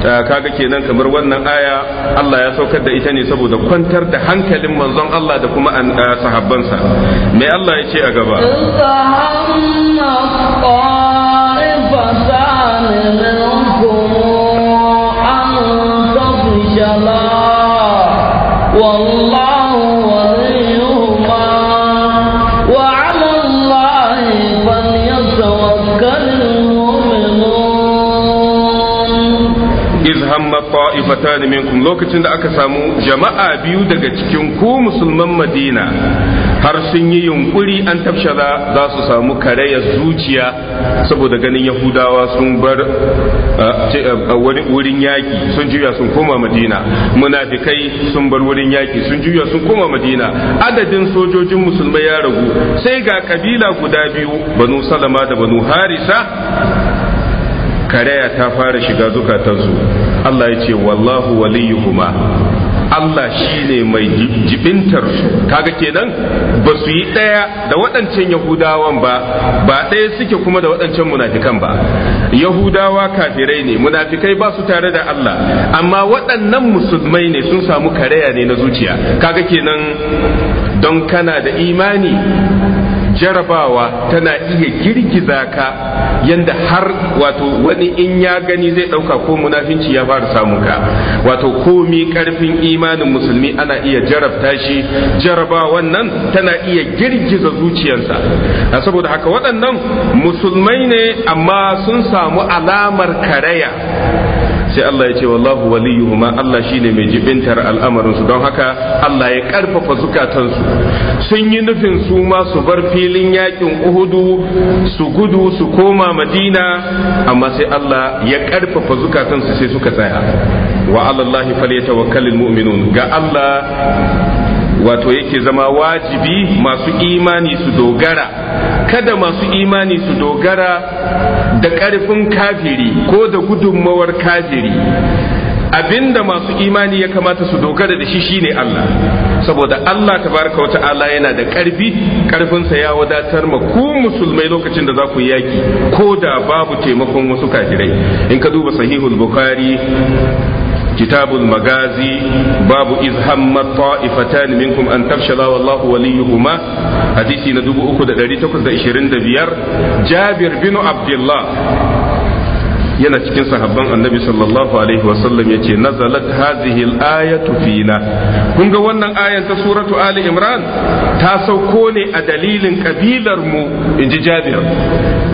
kaga kenan kamar wannan aya Allah ya saukar da ita ne saboda kwantar da hankalin manzon Allah da kuma sahabbansa me Allah ya ce a gaba والله ta'ifatani minkum lokacin da aka samu jama'a biyu daga cikin ku musulman Madina har sun yi yunkuri an tafsha za su samu karayar zuciya saboda ganin Yahudawa sun bar uh, uh, wurin yaki sun juya sun koma Madina munafikai sun bar wurin yaki sun juya sun koma Madina adadin sojojin musulmai ya ragu sai ga kabila guda biyu Banu Salama da Banu Harisa karaya ta fara shiga zukatansu Allah ya ce wallahu waliyuhuma Allah shi ne mai jibintar su kaga kenan ba su yi ɗaya da waɗancan Yahudawan ba ba ɗaya suke kuma da waɗancan munafikan ba Yahudawa kafirai ne munafikai ba su tare da Allah amma waɗannan musulmai ne sun samu karaya ne na zuciya kaga kenan don kana da imani jarabawa tana iya girgiza ka yanda har wato wani in ya gani zai ɗauka ko munafinci ya fara samu ka wato komi karfin imanin musulmi ana iya jarabta shi jarabawan nan tana iya girgiza zuciyarsa saboda haka waɗannan musulmai ne amma sun samu alamar karaya sai Allah ya ce wallahu waliyuhuma Allah shine mai jibintar al'amarin su don haka Allah ya karfafa zukatan su sun yi nufin su ma su bar filin yakin Uhudu su gudu su koma Madina amma sai Allah ya karfafa zukatan su sai suka tsaya wa alallahi falyatawakkalul mu'minun ga Allah wato yake zama wajibi masu imani su dogara kada masu imani su dogara da ƙarfin kafiri ko da gudunmawar kafiri abinda masu imani ya kamata su dogara da shi ne Allah saboda Allah wata wata'ala yana da ƙarfi ƙarfinsa ya wadatar ma ku musulmai lokacin da za ku yaki ko da babu taimakon wasu kafirai in ka duba sahihul bukhari kitabul magazi babu iz hamma ta'ifatan minkum an tafshala wallahu waliyuhuma hadisi na 3825 jabir bin abdullah yana cikin sahabban annabi sallallahu alaihi wasallam ya ce nazalat hazihi ayatu fina kun ga wannan ayan ta suratu ali imran ta sauko ne a dalilin kabilar mu inji jabir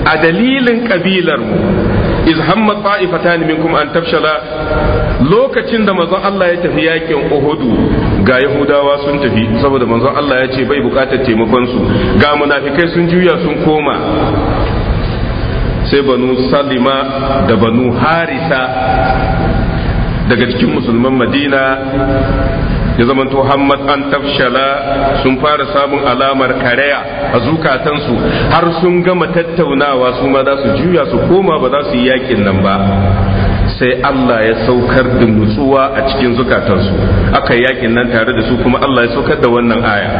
a dalilin kabilar mu iz hamma ta'ifatan minkum an tafshala lokacin da manzon Allah ya tafi yakin Uhudu ga Yahudawa sun tafi saboda manzon Allah ya ce bai bukatar taimakon su ga munafikai sun juya sun koma sai banu Salima da banu Harisa daga cikin musulman Madina ya zamanto Hammad an tafshala sun fara samun alamar karaya a zukatansu har sun gama tattaunawa su ma za su juya su koma ba za su yi yakin nan ba sai Allah ya saukar da nutsuwa a cikin zukatansu aka yakin nan tare da su kuma Allah ya saukar da wannan aya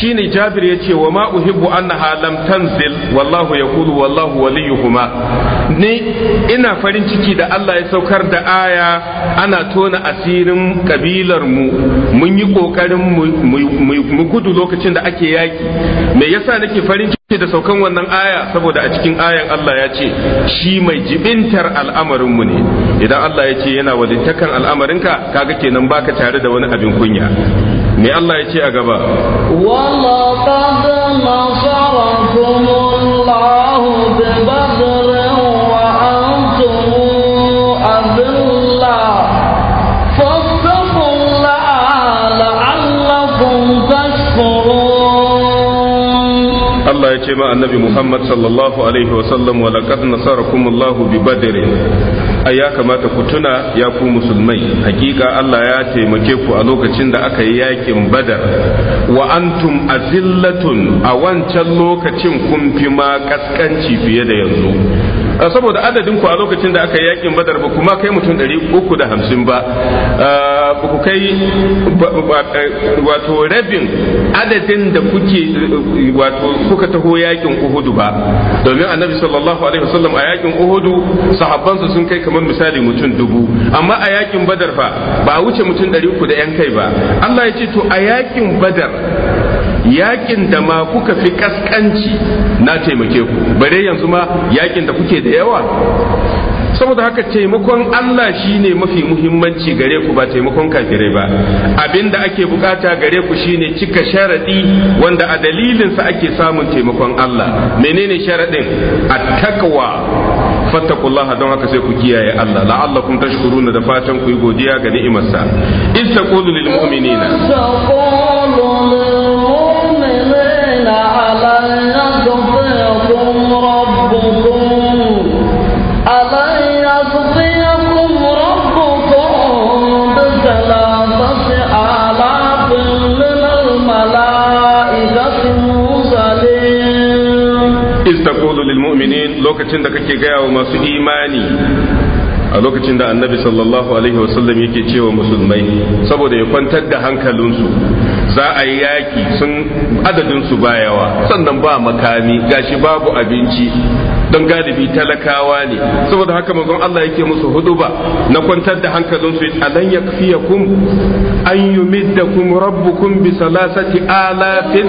Shi ne Jabir ya ce wa ma uhibbu annaha lam tanzil wallahu yaqulu wallahu waliyuhuma ni ina farin ciki da Allah ya saukar da aya ana tona asirin kabilar mu mun yi kokarin mu gudu lokacin da ake yaki me yasa nake farin ciki da saukan wannan aya saboda a cikin ayan Allah ya ce shi mai jibintar al'amarinmu ne idan Allah ya ce yana walittakan al'amarinka kaga kenan baka tare da wani abin kunya me Allah ya ce a gaba wala qad nasarakumullahu bi badrin wa antum adilla Allah ya ce ma annabi Muhammad sallallahu alaihi wa wa laqad nasarakumullahu bi badrin ya kamata ku tuna ya ku musulmai hakika Allah ya taimake ku a lokacin da aka yi yakin badar wa antum azillatun a wancan lokacin kun fi ma kaskanci fiye da yanzu saboda adadin ku a lokacin da aka yi yakin badar ba kuma kai mutum ɗari uku da hamsin ba ba ku kai eh, wato rabin adadin da kuke wato kuka taho yakin uhudu ba domin annabi sallallahu alaihi wasallam a yakin uhudu sahabbansa sun kai kamar misali mutum dubu amma a yakin badar fa ba a wuce mutum ɗari uku da yan kai ba Allah ya ce to a yakin badar yakin da ma kuka fi kaskanci na taimake ku bare yanzu ma yakin da kuke da yawa saboda haka taimakon Allah shine mafi muhimmanci gare ku ba taimakon kafirai ba abinda ake bukata gare ku shine cika sharadi wanda a dalilinsa ake samun taimakon Allah menene sharadin at-taqwa fattakullaha don haka sai ku kiyaye Allah la'allakum tashkuruna da fatan ku yi godiya ga ni'imarsa istaqulu taqulu lil mu'minina mu'minin lokacin da kake gaya wa masu imani a lokacin da annabi sallallahu alaihi wasallam yake cewa musulmai saboda ya kwantar da hankalinsu za a yi yaki sun adadinsu ba yawa sannan ba makami gashi babu abinci don galibi talakawa ne saboda haka manzon Allah yake musu ba na kwantar da hankalinsu alan yakfiyakum an yumiddakum rabbukum bi salasati alafin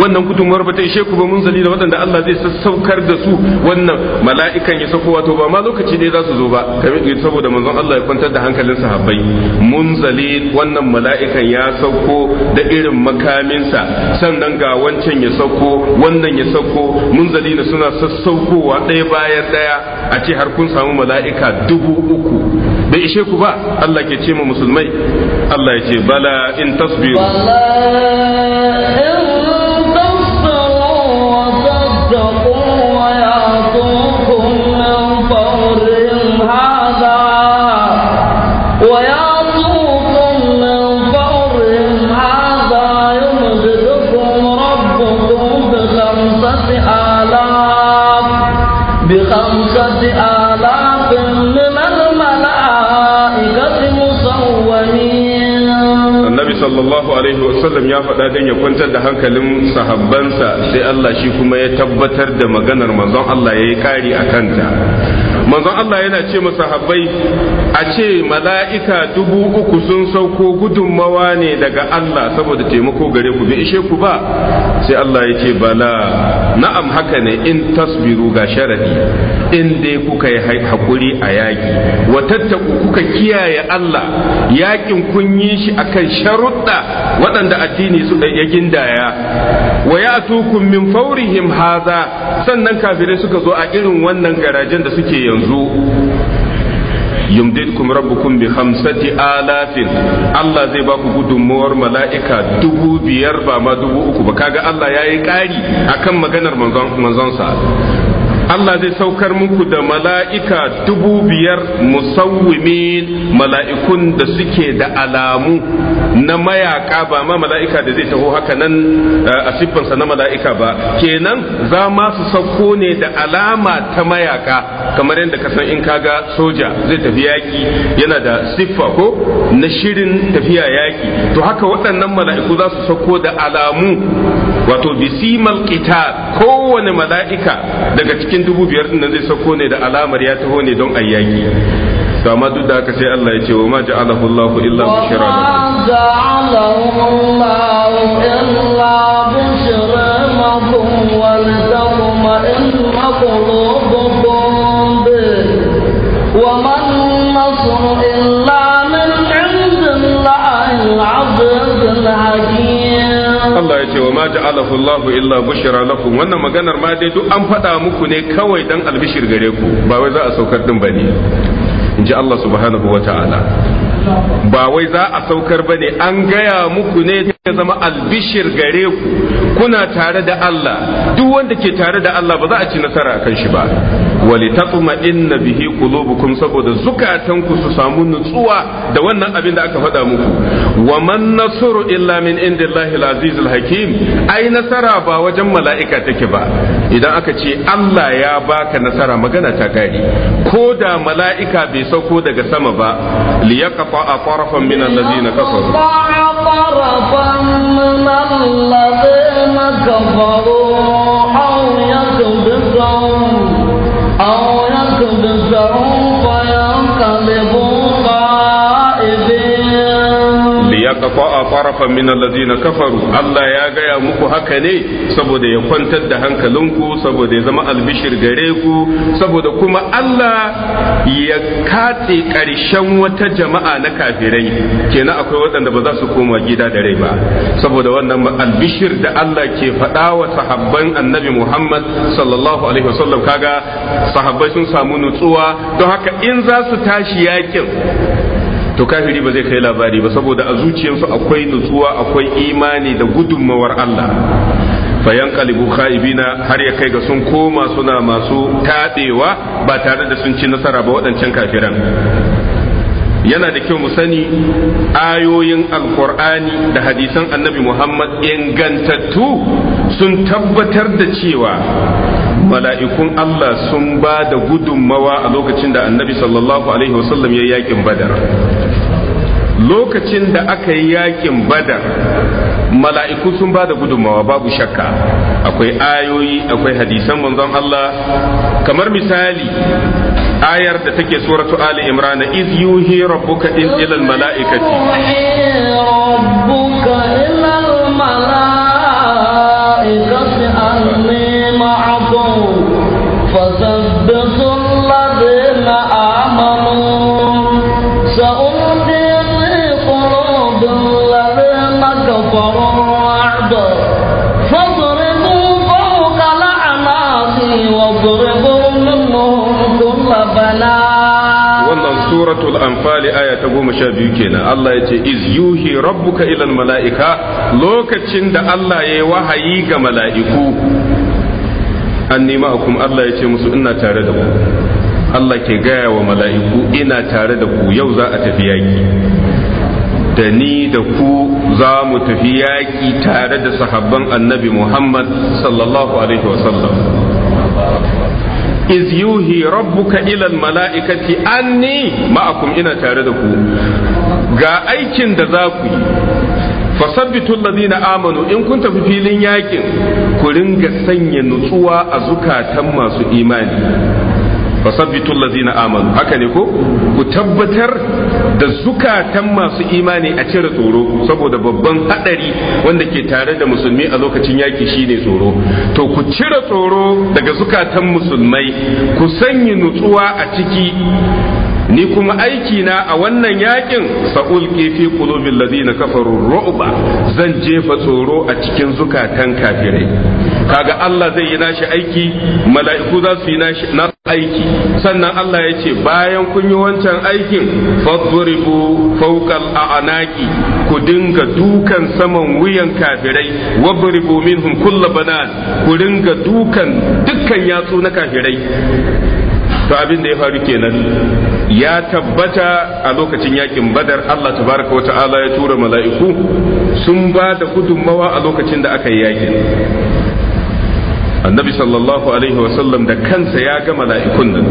wannan gudunmuwar ba ta ishe ku ba mun zali da waɗanda Allah zai sassaukar da su wannan mala'ikan ya sako wato ba ma lokaci ne za su zo ba saboda manzon Allah ya kwantar da hankalin sahabbai mun zali wannan mala'ikan ya sauko da irin makaminsa sannan ga wancan ya sauko wannan ya sauko mun zali na suna sassaukowa ɗaya bayan ɗaya a ce har kun samu mala'ika dubu uku bai ishe ku ba Allah ke ce ma musulmai Allah ya ce bala in tasbiru ya faɗa don ya kwantar da hankalin sahabbansa sai Allah shi kuma ya tabbatar da maganar manzon Allah ya yi kari a kanta manzon Allah yana ce masa sahabbai a ce mala'ika dubu uku sun sauko gudunmawa ne daga Allah saboda taimako gare ku bai ishe ku ba sai Allah ya ce bala na'am haka ne in tasbiru ga sharadi in dai kuka yi hakuri a yaƙi wa kuka kiyaye Allah yaƙin kun yi shi akan sharuɗa waɗanda addini su ya gindaya wa ya tukun min faurihim haza sannan kafirai suka zo a irin wannan garajen da suke yanzu yumdidkum rabbukum bi khamsati alafin Allah zai baku gudunmuwar mala'ika dubu biyar ba ma dubu uku ba kaga Allah ya yi ƙari akan maganar manzon sa Allah zai saukar muku da mala'ika dubu biyar musawwimin mala'ikun da suke da alamu na mayaka ba ma mala'ika da zai taho haka nan eh, a siffansa na mala'ika ba kenan za ma su sauko ne da alama ta mayaka kamar yadda ka san in kaga soja zai tafi yaƙi, yana da siffa ko na shirin tafiya yaƙi. to haka waɗannan mala'iku za su sauko da alamu wato bisimal qital kowane mala'ika daga cikin dubu biyar din nan zai sako ne da alamar ya taho ne don ayyaki to amma duk da haka sai Allah ya ce wa ma ja'alahu Allah illa bushra Allah illa bushra wa Allah ya ce wa ma ja'alahu Allah illa bushra lakum wannan maganar ma dai duk an faɗa muku ne kawai dan albishir gare ku ba wai za a saukar din bane in ji Allah subhanahu wa ta'ala ba wai za a saukar bane an gaya muku ne ya zama albishir gare ku kuna tare da Allah duk wanda ke tare da Allah ba za a ci nasara kan shi ba walitatma'inna bihi qulubukum saboda zukatanku su samu nutsuwa da wannan abin da aka faɗa muku wa man nasru illa min indillahi al hakim ai nasara ba wajen mala'ika take ba idan aka ce Allah ya baka nasara magana ta gari ko da mala'ika bai sauko daga sama ba liyaqta tarafan min allazina kafaru tarafan min allazina kafaru أو نكبره ليقطع طرفا من الذين كفروا الله يا غيا muku haka ne saboda ya kwantar da hankalinku saboda ya zama albishir gare ku saboda kuma Allah ya katse karshen wata jama'a na kafirai kenan akwai waɗanda ba za su koma gida da rai ba saboda wannan albishir da Allah ke faɗa wa sahabban annabi Muhammad sallallahu alaihi wasallam kaga sahabbai sun samu nutsuwa don haka in za su tashi yakin to kafiri ba zai kai labari ba saboda a zuciyarsu akwai nutsuwa akwai imani da gudunmawar Allah fayan kalibu kha'ibina har ya kai ga sun koma suna masu taɗewa ba tare da sun ci nasara ba waɗancan kafiran yana da kyau mu sani ayoyin alkur'ani da hadisan annabi muhammad ingantattu sun tabbatar da cewa mala'ikun allah sun ba da gudunmawa a lokacin da annabi sallallahu alaihi wasallam ya yakin badar lokacin da aka yi yakin badar mala'iku sun ba da gudunmawa babu shakka akwai ayoyi akwai hadisan manzon Allah kamar misali ayar da take suratu Ali Imran iz yuhi rabbuka ilal rabbuka ilal mala'ikati suratul anfali aya ta goma sha biyu kenan Allah ya ce iz yuhi rabbuka ilal mala'ika lokacin da Allah ya yi wahayi ga mala'iku an nema akum Allah ya ce musu ina tare da ku Allah ke gaya wa mala'iku ina tare da ku yau za a tafi yaƙi da ni da ku za mu tafi yaƙi tare da sahabban annabi Muhammad sallallahu alaihi wasallam iz yuhi rabbuka ilal mala'ikati anni ma'akum ina tare da ku ga aikin da za ku yi fasabbitu alladhina amanu in kun tafi filin yakin ku ringa sanya nutsuwa a zukatan masu imani fasabbitu allazina amanu haka ne ko ku tabbatar da zukatan masu imani a cire tsoro saboda babban hadari wanda ke tare da musulmi a lokacin yaki shine tsoro to ku cire tsoro daga zukatan musulmai ku sanya nutsuwa a ciki ni kuma aiki na a wannan yakin sa'ul fi qulubil ladina kafaru ru'ba zan jefa tsoro a cikin zukatan kafirai kaga Allah zai yi nashi aiki mala'iku za su yi nashi aiki sannan Allah ya ce bayan kun yi wancan aikin fadribu fawqal a'naqi ku dinga dukan saman wuyan kafirai wadribu minhum kull banan ku dinga dukan dukkan yatsu na kafirai to abin da ya faru kenan ya tabbata a lokacin yakin badar Allah tabaraka wa ta'ala ya tura mala'iku sun ba da gudunmawa a lokacin da aka yi yakin annabi sallallahu alaihi wasallam da kansa ya ga mala'ikun nan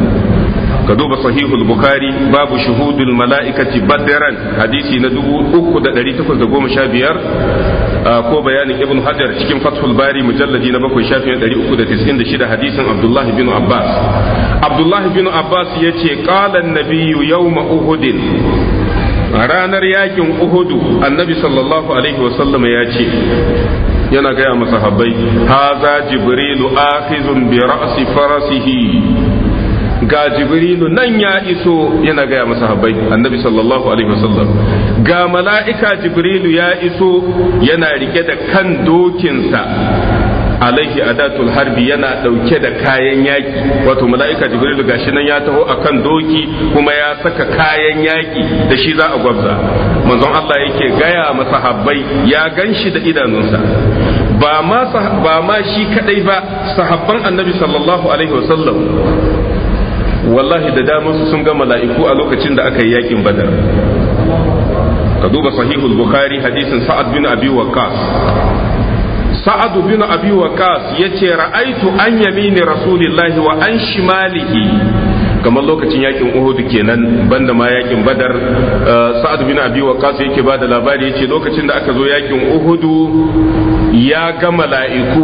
ka duba sahihul bukhari babu shuhudul mala'ikati badran hadisi na 3815 ko bayanin ibn hajar cikin fathul bari mujalladi na 7 shafin 396 hadisin abdullahi bin abbas abdullahi bin abbas yace qala an-nabiyyu yawma uhudin ranar yakin uhudu annabi sallallahu alaihi wasallam ya ce yana gaya masa habbai haza jibrilu akhizun bi ra'si farasihi ga jibrilu nan ya iso yana gaya masa habbai annabi sallallahu alaihi wasallam ga mala'ika jibrilu ya iso yana rike da kan dokinsa alaihi adatul harbi yana dauke da kayan yaki wato mala'ika jibrilu gashi nan ya taho akan doki kuma ya saka kayan yaki da shi za a gwabza manzon Allah yake gaya masa habbai ya ganshi da idanunsa ba ma shi kadai ba sahabban annabi sallallahu alaihi wasallam wallahi da damansu sun ga mala'iku a lokacin da aka yi yakin badar ka duba sahihul bukhari hadisin sa'ad bin abi waqas sa'ad bin abi waqas yace ra'aitu an yamini rasulillahi wa an shimalihi kamar lokacin yakin Uhud kenan banda ma yakin Badar uh, Sa'ad bin Abi waqas yake ba da labari yace lokacin da aka zo yakin Uhud ya ga mala'iku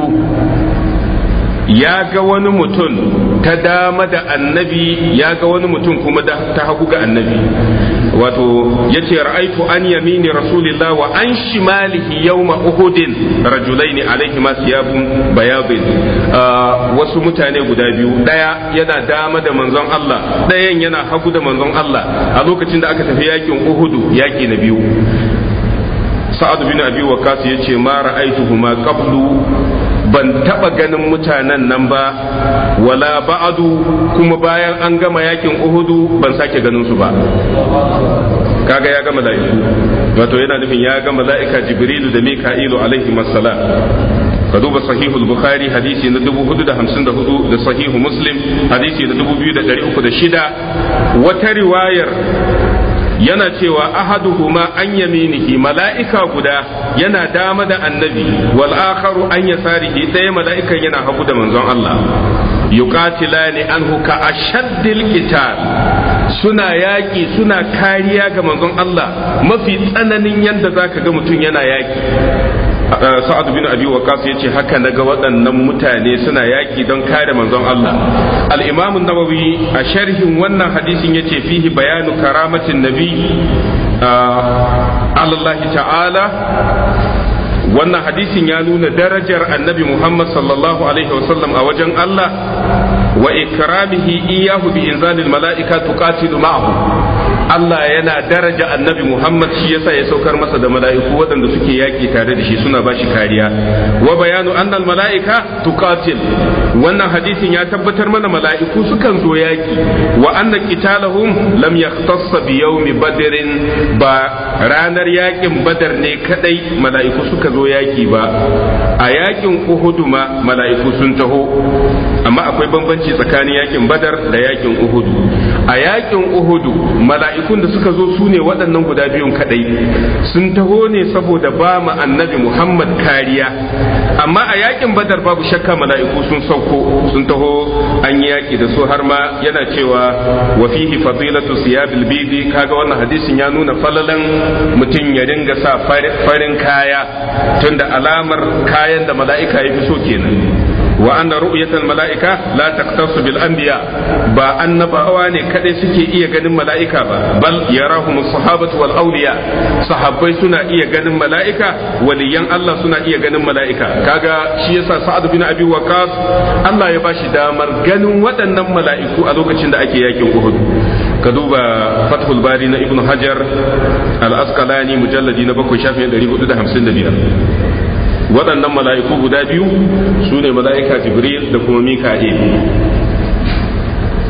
ya ga wani mutum ta dama da annabi ya ga wani mutum kuma ta hagu ga annabi wato yace ra'aitu an yamini rasulillah wa an shimalihi yawma uhudin alaihi masu siyabun bayadin ah, wasu mutane guda biyu daya yana dama da manzon Allah dayan yana hagu da manzon Allah a lokacin da aka tafi yakin uhudu yaki na biyu sa'ad bin abi waqas yace ma ra'aituhuma qablu ban taba ganin mutanen nan ba wala ba'adu kuma bayan an gama yakin uhudu ban sake ganin su ba kaga ya gama mala'iku wato yana nufin ya gama la'ika jibrilu da mika'ilu alaihi assalam ka duba sahihu bukhari hadisi na 454 da sahihu muslim hadisi na 2306 wata riwayar yana cewa ahaduhuma an yaminihi mala'ika guda yana dama da annabi wal akharu an yasarihi ɗaya mala'ikan yana hagu da manzon Allah yuqatilani anhu ka ashaddil qital suna yaƙi suna kariya ga manzon Allah mafi tsananin yadda zaka ga mutum yana yaƙi sa'ad bin abi waqas yace haka naga waɗannan mutane suna yaki don kare manzon Allah al-imam an-nawawi a sharhin wannan hadisin yace fihi bayanu karamatin nabi Allah ta'ala wannan hadisin ya nuna darajar annabi Muhammad sallallahu alaihi wasallam a wajen Allah wa ikramihi iyahu bi inzalil mala'ika tuqatilu ma'ahu Allah yana daraja annabi Muhammad shi yasa ya saukar masa da mala'iku waɗanda suke yaƙi tare da shi suna ba shi kariya wa bayanu annal mala'ika tuqatil wannan hadisin ya tabbatar mana mala'iku sukan zo yaƙi wa anna qitalahum lam yahtassa bi yawmi badrin ba ranar yaƙin badar ne kadai mala'iku suka zo yaƙi ba a yaƙin Uhud ma mala'iku sun taho amma akwai bambanci tsakanin yaƙin badar da yaƙin Uhud a yakin uhudu mala'ikun da suka zo su ne waɗannan guda biyun kadai sun taho ne saboda ba mu annabi muhammad kariya amma a yakin badar babu shakka mala'iku sun sauko sun taho an yi yaki da su har ma yana cewa wa fihi fadilatu siyabil bidi kaga wannan hadisin ya nuna falalan mutum ya dinga sa farin kaya tunda alamar kayan da mala'ika ya fi so kenan wa anna ru'yatal mala'ika la taqtasu bil anbiya ba annabawa ne kadai suke iya ganin mala'ika ba bal yarahum sahabatu wal awliya sahabbai suna iya ganin mala'ika waliyan Allah suna iya ganin mala'ika kaga shi yasa Sa'ad bin Abi Waqqas Allah ya bashi damar ganin waɗannan mala'iku a lokacin da ake yakin Uhud ka duba fathul bari na ibn hajar al-asqalani mujalladi na bakwai shafin 455 waɗannan mala'iku guda biyu su ne mala'ika jibril da kuma mika'il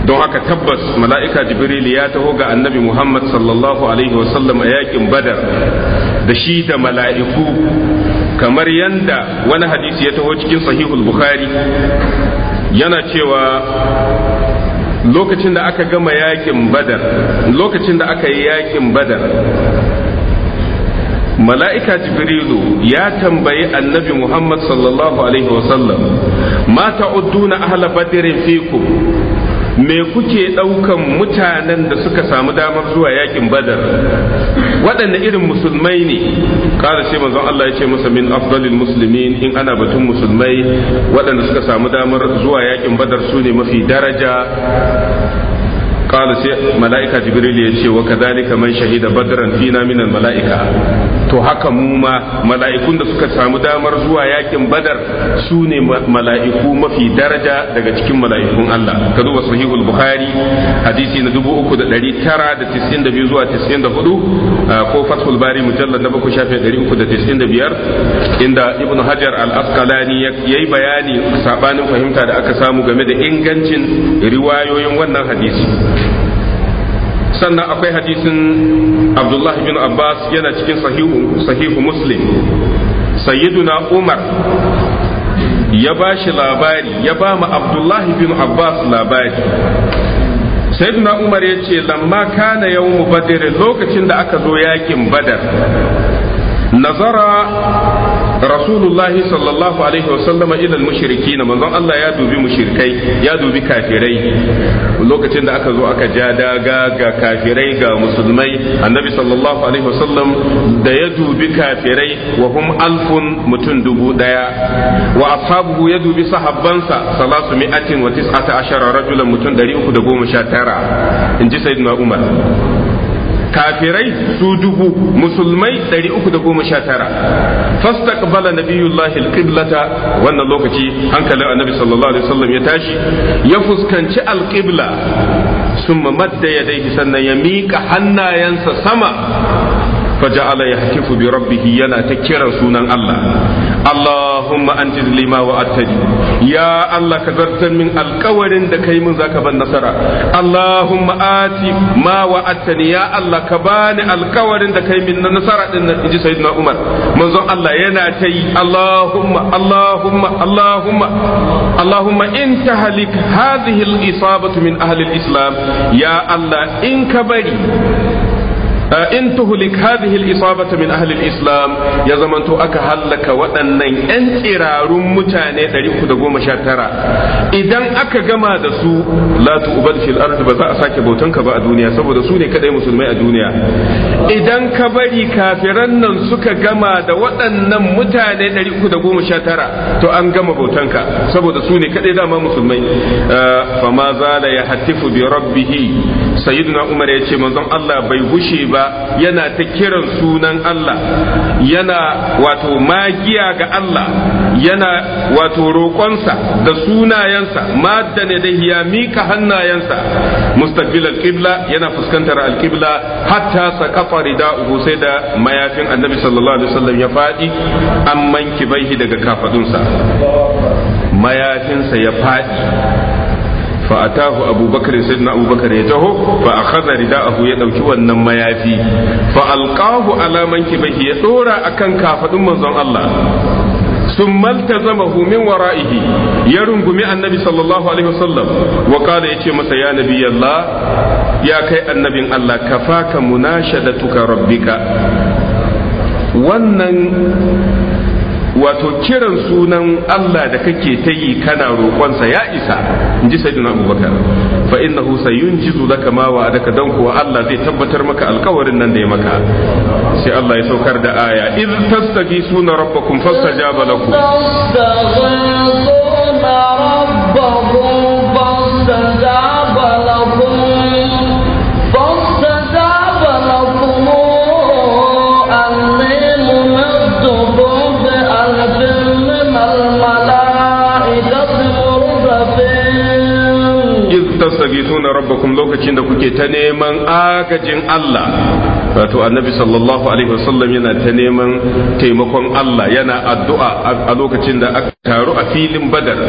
don haka tabbas mala'ika jibril ya taho ga annabi muhammad sallallahu alaihi wasallam a yakin badar da shi da mala'iku kamar yanda wani hadisi ya taho cikin sahihul bukhari yana cewa lokacin da aka gama yakin badar lokacin da aka yi yakin badar mala'ika jibrilu ya tambayi annabi muhammad sallallahu alaihi wasallam ma ta'udduna ahla badrin fikum me kuke ɗaukan mutanen da suka samu damar zuwa yakin badar waɗanne irin musulmai ne ƙara sai manzon Allah ya ce masa min afdalil musulmin in ana batun musulmai waɗanda suka samu damar zuwa yakin badar su ne mafi daraja qala sai mala'ika jibril ya ce wa kadhalika man shahida badran fina min mala'ika to haka mu ma mala'ikun da suka samu damar zuwa yakin badar su ne mala'iku mafi daraja daga cikin mala'ikun Allah ka duba sahihul bukhari hadisi na 3992 zuwa 94 ko fathul bari mujallad na 7 shafi 395 inda ibn hajar al-asqalani yayi bayani sabanin fahimta da aka samu game da ingancin riwayoyin wannan hadisi sannan akwai hadisin abdullah bin abbas yana cikin sahihu muslim sayyiduna umar ya ba shi labari ya ba ma abdullah bin abbas labari sayyiduna umar ya ce lamma kana yawmu badr lokacin da aka zo yakin badar nazara rasulullahi sallallahu alaihi wasallama ilal mushriki na manzon Allah ya dubi mushrikai ya dubi kafirai lokacin da aka zo aka ja daga ga kafirai ga musulmai annabi sallallahu alaihi wasallam da ya dubi kafirai wa hum alfun mutum dubu daya wa ashabu ya dubi sahabbansa salasu mi'atin wa tis'ata ashara rajulan mutum 319 in ji sayyidina umar kafirai su dubu musulmai uku da goma sha 319 fastaqbala nabiyullahi alqiblata wannan lokaci hankalin annabi sallallahu alaihi wasallam ya tashi ya fuskanci alqibla summa madda yadayhi sannan ya miƙa hannayensa sama فجعل يهتف بربه ينا تكرا سنن الله اللهم أنجز لي ما وعدتني يا الله كذرت من القول عندك من ذاك بالنصر اللهم آتي ما وعدتني يا الله كبان القول عندك من النصر إن سيدنا عمر منذ الله ينا تي اللهم اللهم اللهم اللهم إن تهلك هذه الإصابة من أهل الإسلام يا الله إن كبري in tuhlik hadhihi al-isabata min ahli al-islam ya zamanto aka hallaka waɗannan ƴan tsirarun mutane 319 idan aka gama da su la tu'bad fil ardi ba za a sake bautan ka ba a duniya saboda su ne kadai musulmai a duniya idan ka bari kafiran nan suka gama da waɗannan mutane 319 to an gama bautan ka saboda su ne kadai dama musulmai fa ma zala ya hatifu bi rabbihi sayyidina umar ya ce manzon Allah bai gushe ba ba yana ta kiran sunan Allah yana wato magiya ga Allah yana wato roƙonsa da sunayensa madda ne da ya mika hannayensa mustaqbil al-qibla yana fuskantar al al-qibla hatta saqafa rida'uhu sai da mayafin annabi sallallahu alaihi wasallam ya faɗi amman kibaihi daga kafadunsa mayafinsa ya faɗi fa atahu abubakar sayyidina abubakar ya taho fa akhadha rida'ahu ya dauki wannan mayafi fa alqahu ala mankibihi ya a kan kafadin manzon Allah ثم التزمه من ورائه يرنغم النبي صلى الله عليه وسلم وقال ya مسا يا نبي الله يا كي النبي الله كفاك مناشدتك ربك wannan wato kiran sunan Allah da kake ta yi kana roƙonsa ya isa in ji sayyidina abubakar fa innahu sayunjizu laka ma daga dan kuwa Allah zai tabbatar maka alƙawarin nan da ya maka sai Allah ya saukar da aya idh suna rabbakum fastajaba lakum rabbakum tastaghithuna rabbakum lokacin da kuke ta neman agajin Allah wato annabi sallallahu alaihi wasallam yana ta neman taimakon Allah yana addu'a a lokacin da aka taru a filin Badar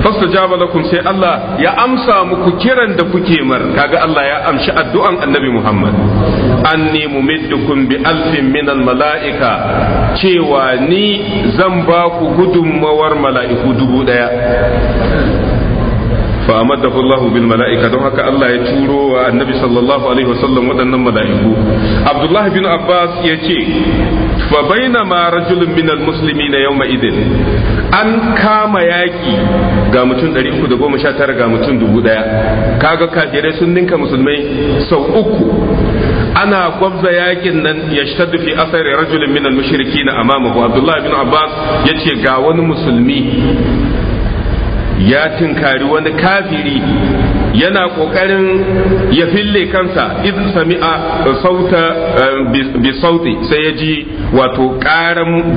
fastajaba lakum sai Allah ya amsa muku kiran da kuke mar kaga Allah ya amshi addu'an annabi Muhammad anni mumiddukum bi alfin min mala'ika cewa ni zan ba ku gudummawar mala'iku dubu daya fa amadahu Allahu bil mala'ika don haka Allah ya turo wa annabi sallallahu alaihi wasallam waɗannan mala'iku Abdullah bin Abbas ya ce fa bainama rajulun na muslimina yawma idin an kama yaki ga mutum 319 ga mutum 1000 kaga kafirai sun ninka musulmai sau uku ana gwabza yakin nan ya shtaddu fi asari rajulin minal mushriki na amamahu abdullah bin abbas ya ce ga wani musulmi ya tinkari wani kafiri yana ƙoƙarin ya fille kansa idan sami'a sauta eh, bi sauti sai ya ji wato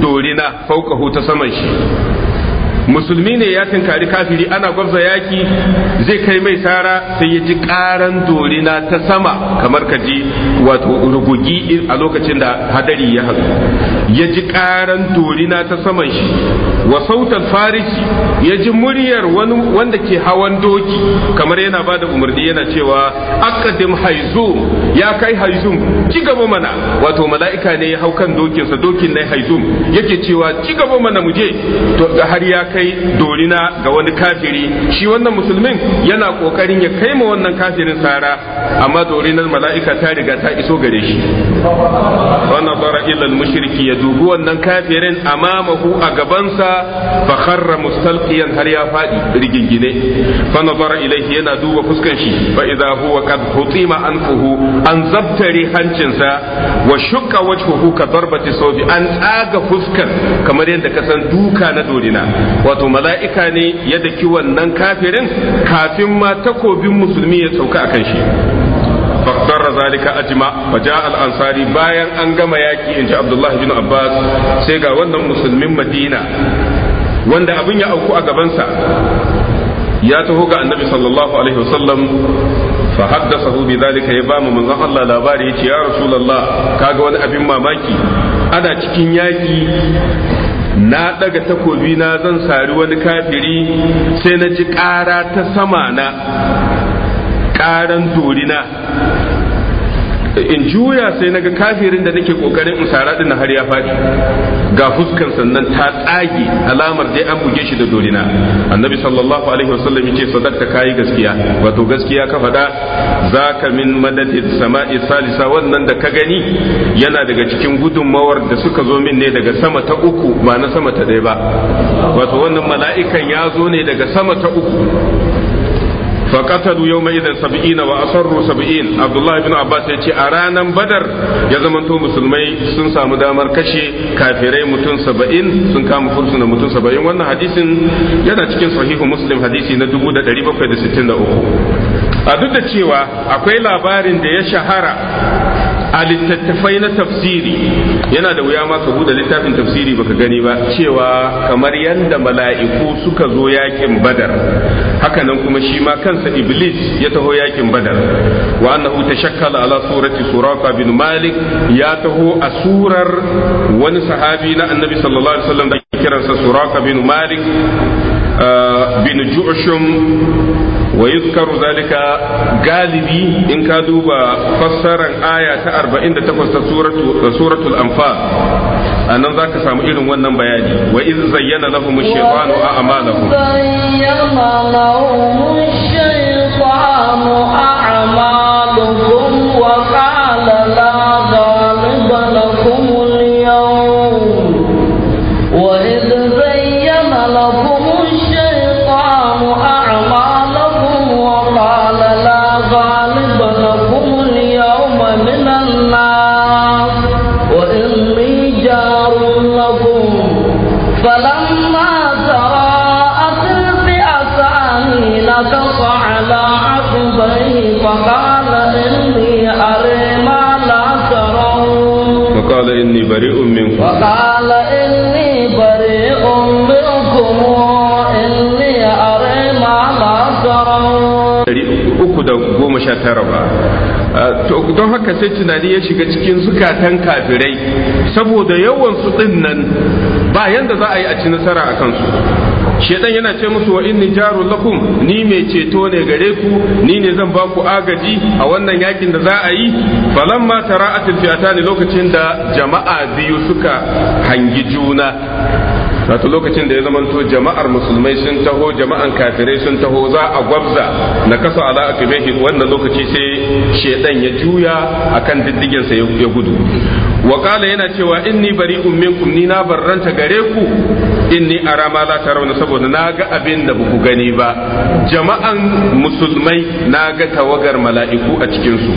dorina fauka ta saman shi musulmi ne ya tinkari kafiri ana gwabza yaki zai kai mai sara sai ya ji karan dorina ta sama kamar ka ji wato rugugi a lokacin da hadari ya hazu ya ji ƙaran dorina ta saman shi wa sautan fariki ya ji muryar wanda ke hawan doki kamar yana ba da umarni yana cewa akadim haizum ya kai haizum ci gaba mana wato mala'ika ne ya hau kan dokinsa dokin na haizum yake cewa ci gaba mana mu je to har ya kai dorina ga wani kafiri shi wannan musulmin yana kokarin ya kai ma wannan kafirin sara amma dorinar mala'ika ta riga ta iso gare shi wannan bara ilal mushriki ya dubi wannan kafirin amamahu a gabansa fa kharra mustalqiyan har ya faɗi rigingine fa nazara ilayhi yana duba fuskan shi fa idza huwa qad hutima an zabtari hancinsa wa shukka wajhuhu ka darbati sawdi an tsaga fuskan kamar yadda ka san duka na dorina wato mala'ika ne ya daki wannan kafirin kafin ma takobin musulmi ya sauka kan shi fakkar zalika ajma fa ja'a al ansari bayan an gama yaki in ci abdullahi bin abbas sai ga wannan musulmin madina wanda abin ya auku a gabansa ya taho ga annabi sallallahu alaihi fa haddathahu bi zalika ya ba mu manzon Allah labari yace ya ka ga wani abin mamaki ana cikin yaki na daga takobi na zan sari wani kafiri sai na ji ƙara ta sama na ƙaran dorina in juya sai naga kafirin da nake kokarin in sara din har ya faɗi ga fuskan sannan ta tsage alamar dai an buge shi da dorina annabi sallallahu alaihi wasallam yace sadaqta kai gaskiya wato gaskiya ka faɗa zaka min madadi sama'i salisa wannan da ka gani yana daga cikin gudunmawar da suka zo min ne daga sama ta uku ba na sama ta ɗaya ba wato wannan mala'ikan ya zo ne daga sama ta uku fa qatalu yawma idan sab'ina wa asarru sab'in abdullahi ibn abbas ya ce a ranar badar ya zamanto musulmai sun samu damar kashe kafirai mutum saba'in sun kama fursuna na mutum saba'in wannan hadisin yana cikin sahihu muslim hadisi na 1763 a duk da cewa akwai labarin da ya shahara a littattafai na tafsiri yana da wuya ma ka buɗe littafin tafsiri baka gani ba cewa kamar yadda mala'iku suka zo yakin badar hakanan kuma shi ma kansa iblis ya taho yakin badar wa annahu tashakkala ala surati suraka bin malik ya taho a surar wani sahabi na annabi sallallahu alaihi wasallam da kiransa suraka bin malik bin ju'shum wa yuzkaru zalika galibi in ka duba fassarar aya ta 48 ta suratul anfal anan zaka samu irin wannan bayani wa iz zayyana lahum ash-shaytanu a'malahum zayyana lahum ash-shaytanu a'malahum wa إني بريء منكم وقال إني بريء منكم إني أرى ما ترون uku da goma sha tara ba don haka sai tunani ya shiga cikin zukatan kafirai saboda yawan su din nan ba yanda za a yi a ci nasara a kansu shedan yana ce musu wa inni jaru lakum ni mai ceto ne gare ku ni ne zan ba ku agaji a wannan yakin da za a yi falamma tara'atil ne lokacin da jama'a biyu suka hangi juna wato lokacin da ya zamanto jama'ar musulmai sun taho jama'an kafirai sun taho za a gwabza na kasa ala akibehi wannan lokaci sai shedan ya juya akan diddigin sa ya gudu wa qala yana cewa inni bari'un minkum ni na barranta gare ku inni ara ma ta rauna saboda na ga abin da buku gani ba jama'an musulmai na ga tawagar mala'iku a cikinsu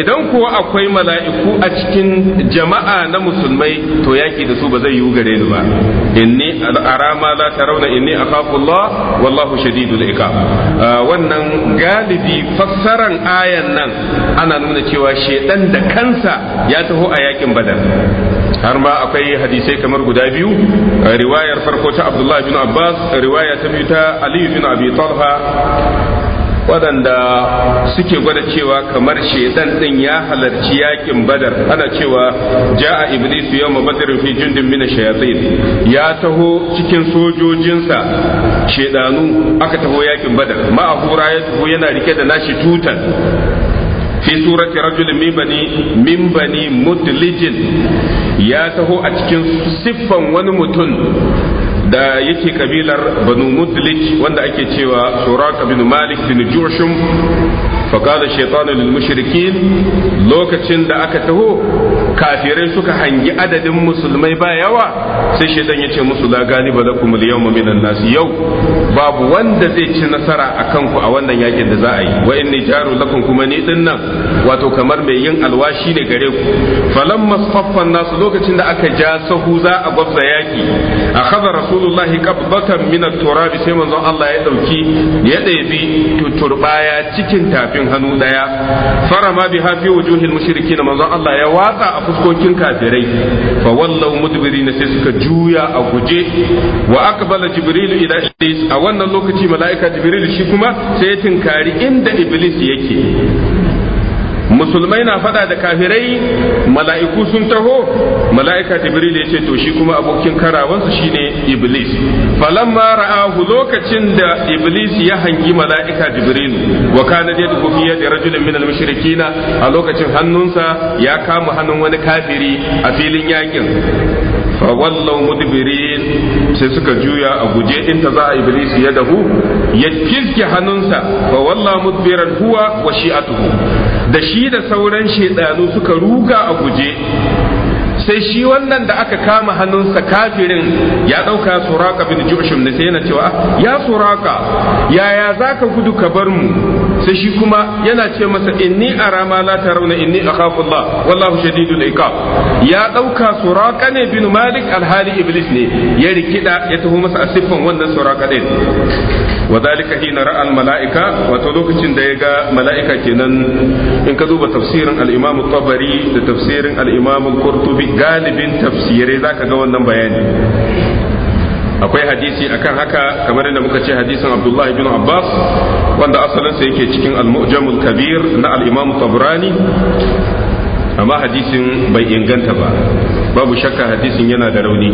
idan kuwa akwai mala'iku a cikin jama'a na musulmai to yaki da su ba zai yiwu gare ni ba inni ara ma ta rauna inni Allah wallahu shadidul ika ah, wannan galibi fassaran ayan nan ana nuna cewa shedan da kansa ya taho a yakin badar har ma akwai hadisai kamar guda biyu riwayar farko ta abdullah bin abbas riwaya ta biyu ta aliyu bin abi talha waɗanda suke gwada cewa kamar shaidan ɗin ya halarci yakin badar ana cewa ja'a iblis yawma badar fi jundin min shayatin ya taho cikin sojojinsa shaidanu aka taho yakin badar ma'ahura ya taho yana rike da nashi tutan سورة رجل من بني من بني مدلج يا تهو أتكن da yake kabilar banu mudlij wanda ake cewa suraka bin malik bin jushum fa kada shaytanu lil mushrikin lokacin da aka taho kafirai suka hangi adadin musulmai ba yawa sai shaidan ya ce musu la galiba lakum al minan nasu. yau babu wanda zai ci nasara kan ku a wannan yakin da za a yi wa inni jaru lakum kuma ni din nan wato kamar mai yin alwashi ne gare ku falamma saffan nasu lokacin da aka ja sahu za a gwabza yaki akhadha rasulullahi qabbatan min at-turab sai manzon Allah ya dauki ya ɗebi turbaya cikin tafin hannu daya farama biha fi wujuhil mushrikin manzon Allah ya watsa fuskokin kafirai fa wallahu mudbirin sai suka juya a guje wa aqbala jibril ila iblis a wannan lokaci mala'ika jibril shi kuma sai ya tinkari inda iblis yake musulmai na fada da kafirai mala'iku sun taho mala'ika jibril ya ce to shi kuma abokin karawansu shine iblis falamma ra'ahu lokacin da iblis ya hangi mala'ika jibril wa kana yadhu fi yadi rajulin min al-mushrikina a lokacin hannunsa ya kama hannun wani kafiri a filin yakin fawallaw mudbirin sai suka juya a guje in ta za a iblis ya dahu ya kiske hannunsa fawallaw mudbiran huwa wa shi'atuhu da shi da sauran shaidanu suka ruga a guje sai shi wannan da aka kama hannunsa kafirin ya ɗauka suraka bin jushin da sai yana cewa ah, ya suraka yaya za ka gudu ka bar mu sai shi kuma yana ce masa inni a rama la rauna inni akhafu Allah wallahu shadidul iqab ya dauka suraka ne bin malik alhali iblis ne ya rikida ya taho masa siffan wannan suraka din hina ra'al mala'ika wato lokacin da ga mala'ika kenan in ka duba tafsirin al-Imam tabari da tafsirin al-Imam qurtubi galibin tafsirai zaka ga wannan bayani akwai hadisi akan haka kamar yadda muka ce hadisin abdullah ibn abbas wanda asalinsa yake cikin al-mu'jamul kabir na al-imam tabrani amma hadisin bai inganta ba babu shakka hadisin yana da rauni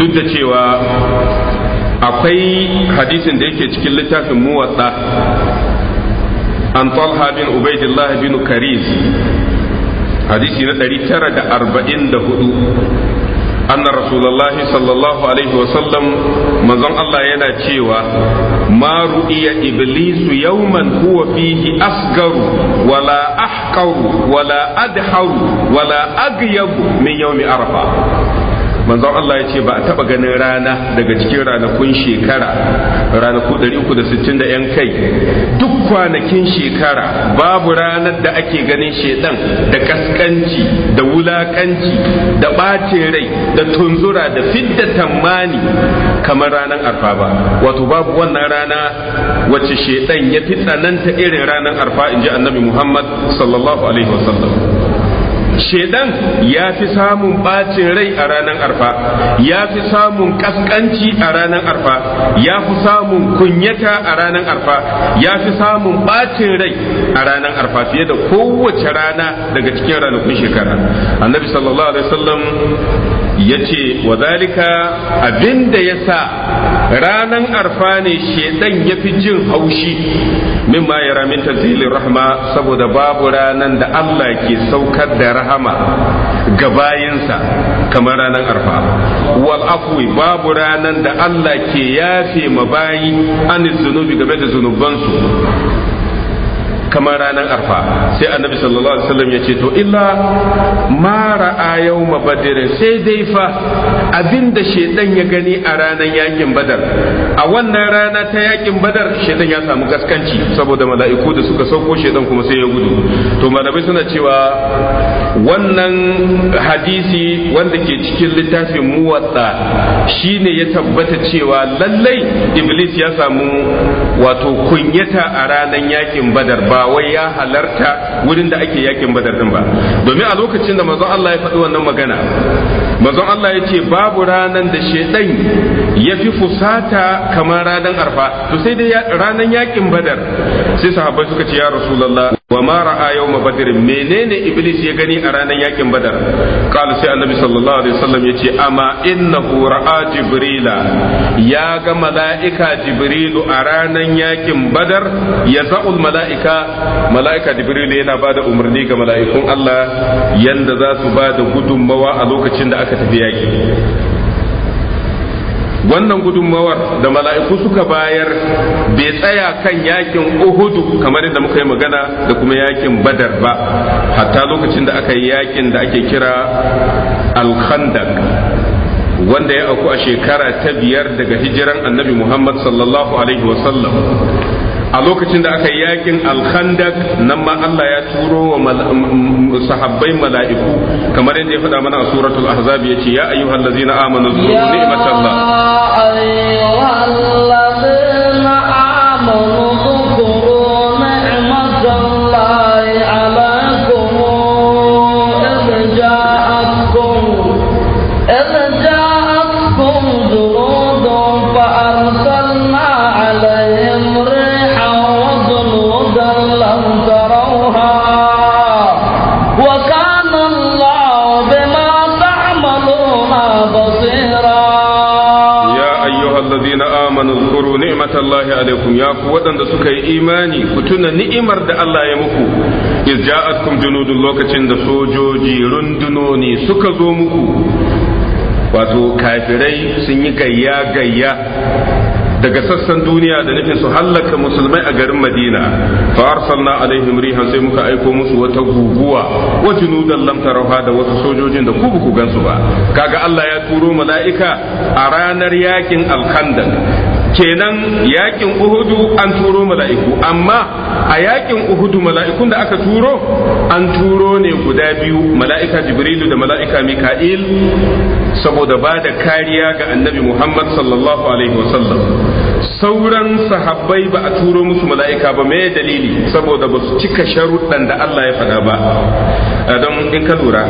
duk da cewa akwai hadisin da yake cikin littafin muwatsa an talha bin ubaidillah bin kariz hadisi na 944 anna rasulullahi sallallahu alaihi wasallam manzon Allah yana cewa ma ru'iya iblisu yawman huwa fihi asgaru wala ahqaru wala adharu wala agyabu min yawmi arfa manzon Allah ya ce ba a taba ganin rana daga cikin ranakun shekara ranaku 360 da yan kai duk kwanakin shekara babu ranar da ake ganin shedan da kaskanci da wulakanci da ɓacin rai da tunzura da fidda tammani kamar ranar arfa ba wato babu wannan rana wacce shedan ya fi tsananta irin ranar arfa in ji annabi muhammad sallallahu alaihi wasallam shedan ya fi samun bacin rai a ranar arfa ya fi samun kaskanci a ranar arfa ya fi samun kunyata a ranar arfa ya fi samun bacin rai a ranar arfa fiye da kowace rana daga cikin ranakun shekara annabi sallallahu alaihi wasallam ya ce wa zalika abinda ya sa ranan arfa ne shedan ya fi jin haushi min ya ramin tanzilin rahama saboda babu ranan da Allah ke saukar da rahama ga bayansa kamar ranan arfa wal afwi babu ranan da Allah ke yafe ma bayi an zunubi game da zunubansu kamar ranar arfa sai annabi sallallahu alaihi wasallam ya ce to illa ma ra'a yawma badr sai dai fa abinda shedan ya gani a ranar yakin badar a wannan rana ta yakin badar shedan ya samu gaskanci saboda mala'iku da suka sauko shedan kuma sai ya gudu to malamai suna cewa wannan hadisi wanda ke cikin littafin muwatta shine ya tabbata cewa lallai iblis ya samu wato kunyata a ranar yakin badar ba wai ya halarta wurin da ake yakin badar din ba domin a lokacin da manzon Allah ya faɗi wannan magana manzon Allah ya ce babu ranar da shaiɗan ya fi fusata kamar ranar arfa to sai dai ranar yakin badar sai sahabbai suka ce ya rasulullah wa ma ra'a ma badr menene iblis ya gani a ranar yakin badar qala sai annabi sallallahu alaihi wasallam ya ce amma innahu ra'a jibrila ya ga mala'ika jibrilu a ranar yakin badar ya za'ul mala'ika mala'ika jibrilu yana bada umarni ga mala'ikun Allah yanda za su bada gudunmawa a lokacin da aka tafi yaki wannan gudunmawar da mala'iku suka bayar bai tsaya kan yakin uhudu kamar yadda muka yi magana da kuma yakin badar ba hatta lokacin da aka yi yakin da ake kira alkhandak wanda ya auku a shekara ta biyar daga hijiran annabi muhammad sallallahu alaihi wasallam a lokacin da aka yi yakin alkhandak nan ma Allah ya turo wa sahabbai mala'iku kamar yadda ya faɗa mana a suratul ahzab yace ya ayyuhallazina amanu zkuru ni'matallah ya ni'matallahi alaikum ya ku waɗanda suka yi imani ku tuna ni'imar da Allah ya muku iz ja'atkum junudun lokacin da sojoji rundunoni suka zo muku wato kafirai sun yi gayya gayya daga sassan duniya da nufin su hallaka musulmai a garin madina fa arsalna alaihim rihan sai muka aiko musu wata guguwa wa junudan lam tarawha da wasu sojojin da ku ku gansu ba kaga Allah ya turo mala'ika a ranar yakin alkandan kenan yakin uhudu an turo mala'iku amma a yakin uhudu mala'ikun da aka turo an turo ne guda biyu mala'ika jibrilu da mala'ika mika'il saboda ba da kariya ga annabi muhammad sallallahu alaihi wasallam sauran sahabbai ba a turo musu mala'ika ba me dalili saboda ba su cika sharuɗan da allah ya faɗa ba don in ka lura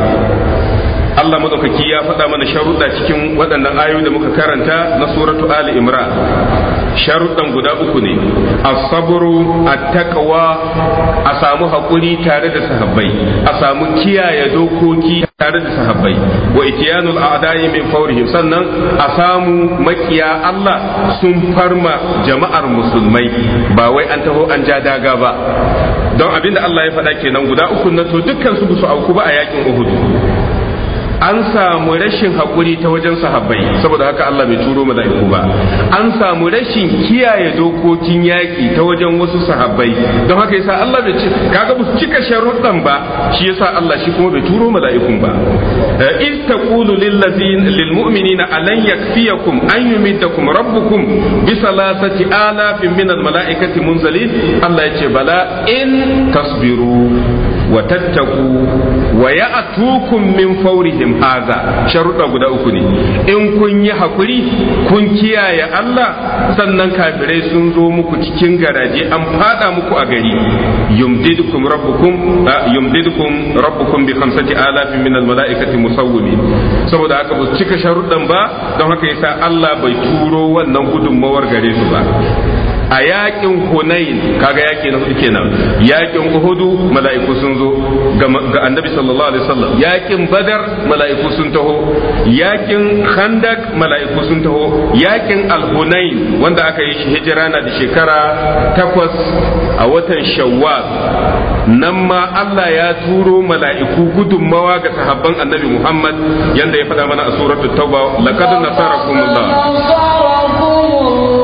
Allah madaukaki ya faɗa mana sharuɗa cikin waɗannan ayoyi da muka karanta na suratu Ali Imran sharuɗan guda uku ne as-sabru at-taqwa a samu haƙuri tare da sahabbai a samu kiyaye dokoki tare da sahabbai wa itiyanul a'da'i min fawrihim sannan a samu makiya Allah sun farma jama'ar musulmai ba wai an taho an ja daga ba don abinda Allah ya faɗa kenan guda uku na to dukkan su su auku ba a yakin Uhud an samu rashin haƙuri ta wajen sahabbai saboda haka Allah bai turo mala'iku ba an samu rashin kiyaye dokokin yaƙi ta wajen wasu sahabbai don haka yasa Allah bai ce kaga ba cika sharuɗan ba shi yasa Allah shi kuma bai turo mala'ikun ba eh, iz taqulu lil na lil mu'minina alan yakfiyakum an yumiddakum rabbukum bi salasati alafin min al mala'ikati munzalin Allah yace bala in tasbiru wa tattaku wa ya'tukum min fawrihim haza sharuɗa guda uku ne in kun yi hakuri kun kiyaye Allah sannan kafirai sun zo muku cikin garaje an fada muku a gari yumdidukum rabbukum yumdidukum rabbukum bi khamsati alafin min al mala'ikati musawwimin saboda haka ba cika sharuɗan ba don haka yasa Allah bai turo wannan gudunmawar gare su ba a yakin hunain kaga yaki na suke nan. yakin uhudu mala'iku sun zo ga annabi sallallahu alaihi wasallam yakin badar mala'iku sun taho yakin khandak mala'iku sun taho yakin alhunain wanda aka yi shi hijira na da shekara takwas a watan shawwal nan ma Allah ya turo mala'iku gudunmawa ga sahabban annabi Muhammad yanda ya faɗa mana a suratul tauba laqad nasarakumullah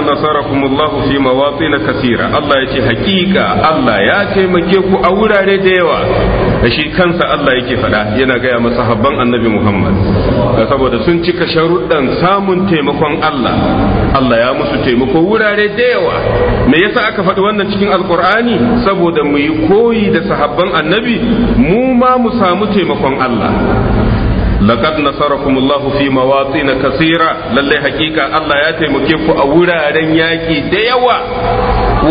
nasarakum Allah fi na kasira Allah ya ce hakika Allah ya taimake ku a wurare da yawa da shi kansa Allah yake faɗa yana gaya masa annabi Muhammad saboda sun cika sharuɗan samun taimakon Allah Allah ya musu taimako wurare da yawa me yasa aka faɗi wannan cikin alkur'ani saboda mu yi koyi da sahabban annabi mu ma mu samu taimakon Allah laqad nasarakum Allahu fi na kaseera lallai hakika Allah ya taimake ku a wuraren yaki da yawa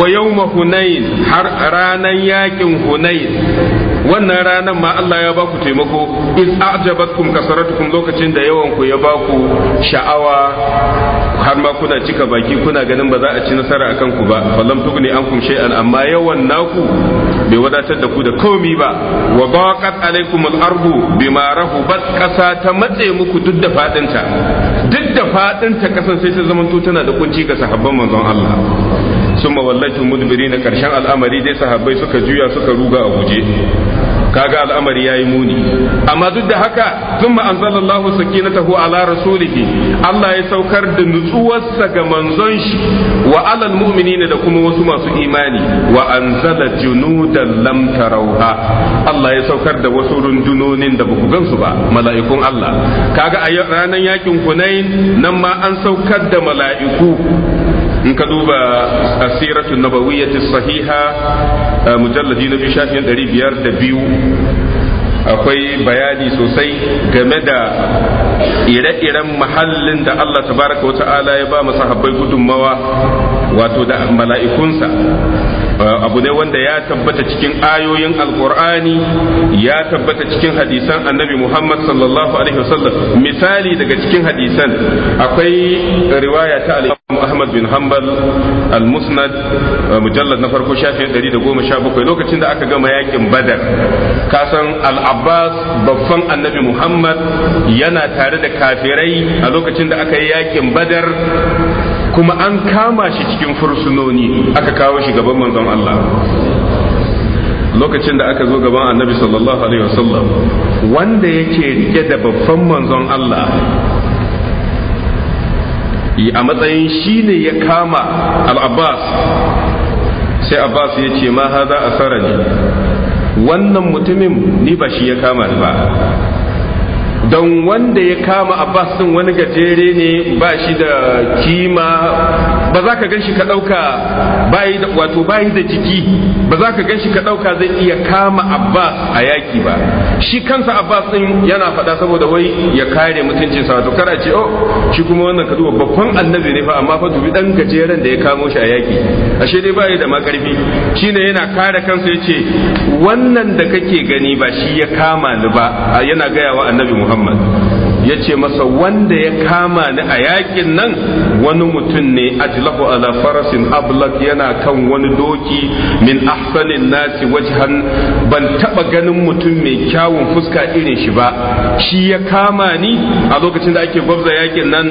wa yawma hunain har yakin hunain wannan ranar ma Allah ya baku taimako in a'jabatkum kasaratukum lokacin da yawan ku ya baku sha'awa har ma kuna cika baki kuna ganin ba za a ci nasara akan ku ba falam an ankum shay'an amma yawan naku bai wadatar da ku da komi ba wa baqat alaikum al-ardu bima rahubat kasa ta matse muku duk da fadinta duk da fadinta kasan sai ta zamanto tana da kunci ga sahabban manzon Allah summa wallaitu mudbirina karshen al'amari dai sahabbai suka juya suka ruga a guje kaga al'amari yayi muni amma duk da haka thumma anzalallahu sakinatahu ala rasulihi Allah ya saukar da nutsuwarsa ga manzon shi wa alal ne da kuma wasu masu imani wa anzala junudan lam tarauha Allah ya saukar da wasu rundunonin da baku gansu ba mala'ikun Allah kaga a ranar yakin Hunain nan ma an saukar da mala'iku in ka duba asiratu nabawiyyati sahiha mujalladi na biyu ɗari biyar da biyu akwai bayani sosai game da ire-iren mahallin da Allah tabaraka wa ta'ala ya ba masahabbai gudunmawa wato da mala'ikunsa uh, abu ne wanda ya tabbata cikin ayoyin alkur'ani ya tabbata cikin hadisan annabi muhammad sallallahu alaihi wasallam misali daga cikin hadisan akwai riwaya ta ahmad bin حنبل al-musnad نفر uh, na farko قوم 117 lokacin تند aka gama yakin badar kasan العباس بفن النبي annabi muhammad yana tare da kafirai a lokacin بدر aka yi yakin badar kuma an kama shi cikin fursunoni aka lokacin da aka zo gaban annabi sallallahu alaihi wasallam wanda yake rike da babban manzon Allah a matsayin shi ne ya kama al'abbas sai abbas ya ce ma haza tsara ne wannan mutumin ni ba shi ya kama ba don wanda ya kama abbas din wani gajere ne ba shi da kima ba za ka gan shi ka ɗauka bayi da wato bayi da jiki ba za ka gan shi ka ɗauka zai iya kama abbas a yaki ba shi kansa abbas ɗin yana faɗa saboda wai ya kare mutuncin sa wato kara ce oh shi kuma wannan ka duba babban annabi ne fa amma fa dubi ɗan gajeren da ya kamo shi a yaki ashe dai bayi da makarfi shine yana kare kansa yace wannan da kake gani ba shi ya kama ni ba yana gaya wa annabi muhammad ya ce masa wanda ya kama ni a yakin nan wani mutum ne ajlahu ala farasin ablak yana kan wani doki min ahsanin nasi wajhan ban taba ganin mutum mai kyawun fuska irin shi ba shi ya kama ni a lokacin da ake gwabza yakin nan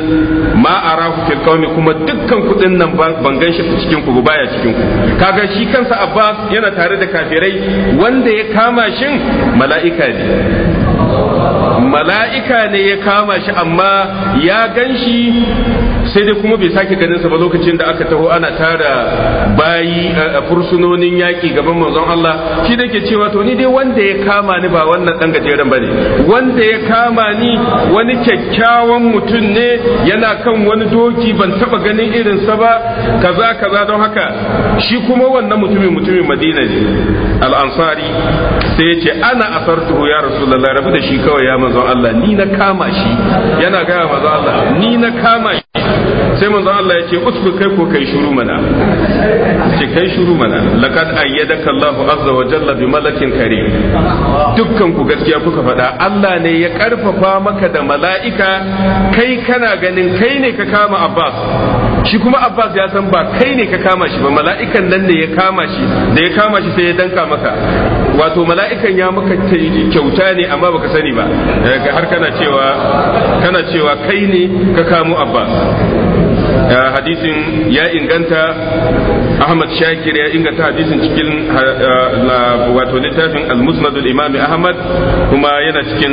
ma ke fil kuma dukkan kudin nan ban gan shi cikin ku baya cikin ku kaga shi kansa abbas yana tare da kafirai wanda ya kama shin mala'ika ne mala'ika ne ya kama shi amma ya gan shi sai dai kuma bai sake ganin sa ba lokacin da aka taho ana tara bayi a fursunonin yaki gaban manzon Allah shi da ke cewa to ni dai wanda ya kama ni ba wannan dan gajeren ne. wanda ya kama ni wani kyakkyawan mutum ne yana kan wani doki ban taba ganin irin sa ba kaza kaza don haka shi kuma wannan mutumin mutumin Madina ne al-Ansari sai ya ce ana asartuhu ya Rasulullahi rabu da shi kawai ya manzon Allah ni na kama shi yana gaya manzon Allah ni na kama shi sai manzo Allah ya ce kai ko kai shuru mana ce kai shuru mana laqad ayyadaka Allahu azza wa jalla bi malakin karim dukkan ku gaskiya kuka faɗa Allah ne ya karfafa maka da mala'ika kai kana ganin kai ne ka kama Abbas shi kuma abbas ya san ba kai ne ka kama shi ba mala'ikan nan ne ya kama shi da ya kama shi sai ya danka maka wato mala'ikan ya maka kyauta ne amma baka sani ba har kana cewa kana cewa kai ne ka kamo abbas Eh, hadisin ya inganta Ahmad Shakir ya inganta hadisin cikin eh, eh, wato littafin al-Musnad imam Ahmad kuma yana cikin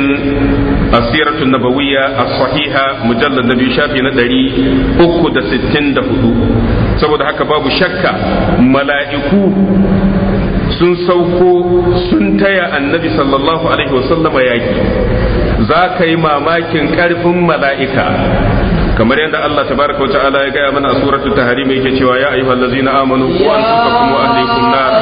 asiratu nabawiyya as-sahiha mujallad nabi shafi na 364 saboda haka babu shakka mala'iku sun sauko sun taya annabi sallallahu alaihi wasallama yaki za ka yi mamakin karfin mala'ika kamar yadda Allah tabaraka wa ta'ala ya gaya mana a suratul tahrim yake cewa ya ayyuhallazina amanu qu anfusakum wa ahlikum nar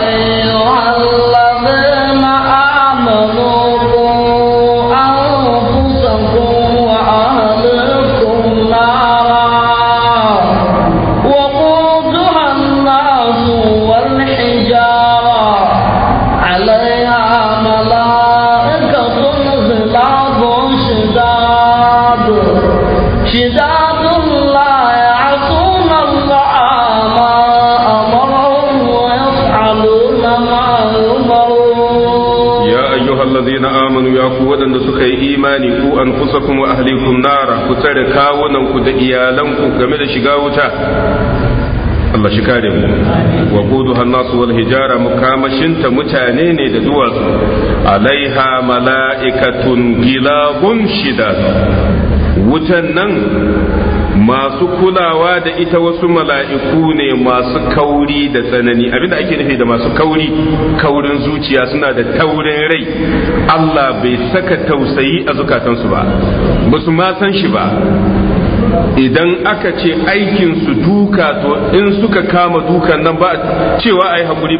tsare kawunanku da iyalanku game da shiga wuta Allah shi kare mu wa gudu hannasu wal hijara mukamashinta mutane ne da duwatsu alaiha mala'ikatun gilabun shida. wutan nan masu kulawa da ita wasu mala'iku ne masu kauri da tsanani abinda ake nufi da masu kauri kaurin zuciya suna da taurin rai Allah bai saka tausayi a zukatansu ba ba su ma san shi ba idan aka ce aikin su duka to in suka kama dukan nan ba cewa ai hakuri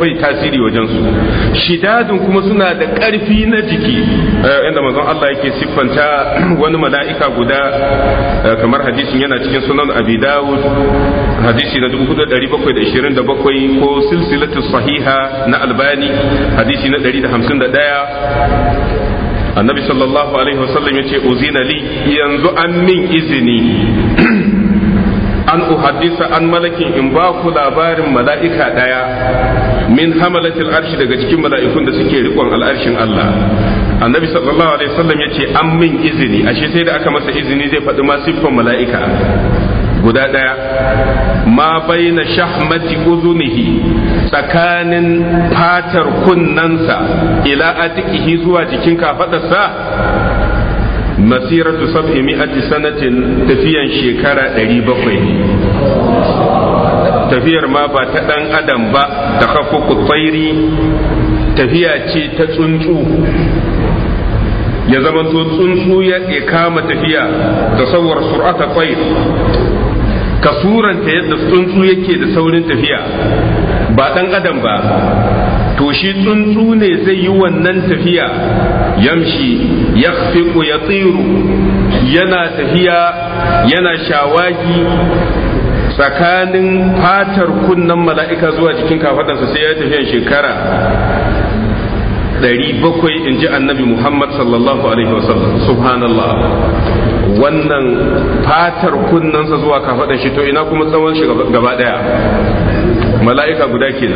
bai tasiri wajen su shidadun kuma suna da ƙarfi na jiki eh, inda manzon Allah yake siffanta wani mala'ika guda eh, kamar hadisin yana cikin sunan abi dawud hadisi na 4727 ko silsilatu sahiha na albani hadisi na 151 annabi sallallahu alaihi wasallam ya ce uzina li yanzu an min izini an uhaddisa an malakin in ba ku labarin mala'ika ɗaya min hamalatil arshi daga cikin mala'ikun da suke riƙon al'arshin Allah annabi sallallahu alaihi wasallam ya ce an min izini ashe sai da aka masa izini zai faɗi ma siffan mala'ika guda ɗaya ma bai baina shahmati uzunihi tsakanin fatar kunnansa ila atikihi zuwa jikin kafadarsa masiratu sab'i mi'ati sanatin tafiyan shekara 700 tafiyar ma ba ta ɗan adam ba ta hakuku tsairi tafiya ce ta tsuntsu ya zama tsuntsu ya kama tafiya da tasawwar sur'ata kai ka suranta yadda tsuntsu yake da saurin tafiya ba ɗan adam ba to shi tsuntsu ne zai yi wannan tafiya yamshi ya ya tsiru yana tafiya yana shawagi tsakanin fatar kunnan mala'ika zuwa jikin kafadansa sai ya tafiya shekara 700 in ji annabi muhammad sallallahu alaihi wasallam subhanallah wannan fatar kunnansa zuwa kafaɗa shi to ina kuma tsawon shi gaba ɗaya mala'ika guda ke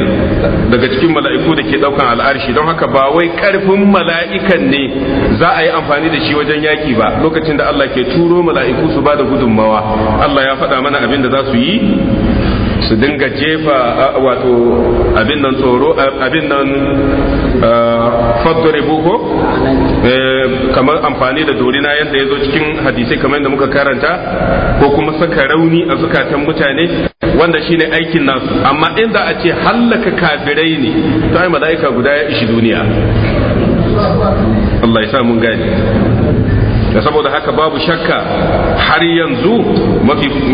daga cikin mala'iku da ke ɗaukan al'arshi don haka ba wai ƙarfin mala'ikan ne za a yi amfani da shi wajen yaƙi ba lokacin da Allah ke turo mala'iku su ba da gudunmawa Allah ya faɗa mana abin da za su yi su dinga jefa wato abin nan tsoro abin nan Eh, Fattore Boko eh, kamar amfani da dorina yadda ya zo cikin hadisai kamar yadda muka karanta ko kuma saka rauni a zukatan mutane wanda shine aikin nasu amma inda a ce hallaka kafirai ne to ai mala'ika guda ya ishi duniya Allah ya sa mun gani da saboda haka babu shakka har yanzu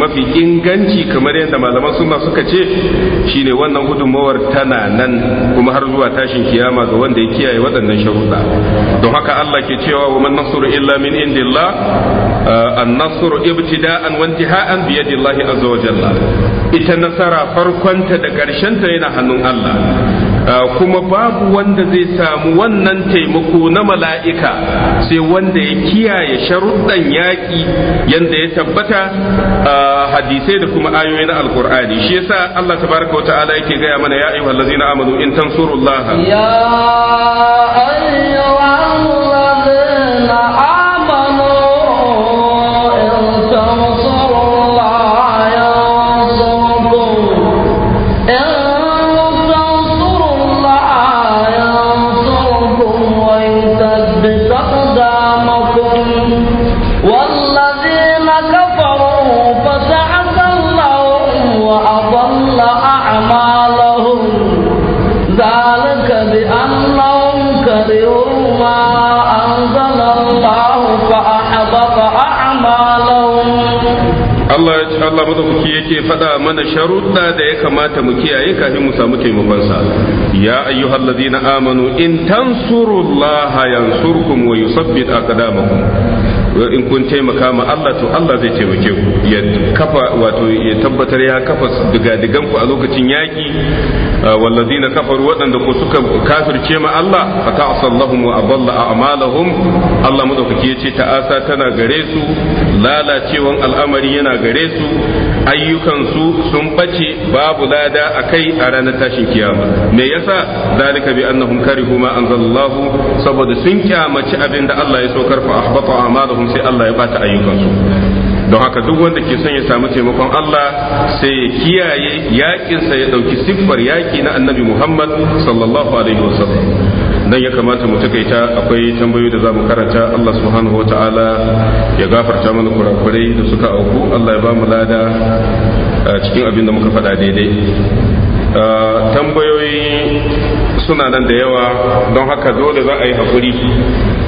mafi inganci kamar yadda malaman suna suka ce shine wannan gudunmawar tana nan kuma har zuwa tashin kiyama ga wanda ya kiyaye waɗannan sharuɗa don haka Allah ke cewa wa man nasru illa min indillah uh, an-nasru ibtida'an wa intiha'an bi yadillahi azza wa jalla ita nasara farkonta da ƙarshenta yana hannun Allah Ah, kuma babu wanda zai samu wannan taimako na mala'ika sai wanda ya kiyaye sharuɗan yaƙi yadda ya tabbata hadisai da kuma ayoyi na alkur'ani shi yasa Allah tabaraka wa ta'ala yake gaya mana ya ayyuhal ladzina amanu in tansurullah ya ayyuhal ladzina yake faɗa mana sharuɗa da ya kamata mu kiyaye kafin mu samu taimakonsa ya ayyuhal ladina amanu in tansurullaha yansurkum wa yusabbit aqdamakum in kun taimaka ma Allah to Allah zai taimake ku ya kafa wato ya tabbatar ya kafa digadigan ku a lokacin yaki ah, wallazina kafaru waɗanda ku suka kafirce ma Allah fa ta'asallahum wa adalla a'malahum Allah madaukaki yace ta'asa tana gare su lalacewan al'amari yana gare su ayyukansu sun ɓace babu lada a kai a ranar tashin kiyama me yasa zalika bi annahum karihu ma anzalallahu saboda sun kyamaci abin da Allah ya saukar fa ahbata amalahum sai Allah ya bata ayyukansu don haka duk wanda ke son ya samu taimakon Allah sai ya kiyaye yaƙinsa ya dauki siffar yaki na annabi Muhammad sallallahu alaihi wasallam nan ya kamata mu takaita akwai tambayoyi da za mu karanta Allah subhanahu wa ta'ala ya gafarta mana kurakurai da suka auku Allah ya ba mu lada cikin abin da muka faɗa daidai tambayoyi suna nan da yawa don haka dole za a yi haƙuri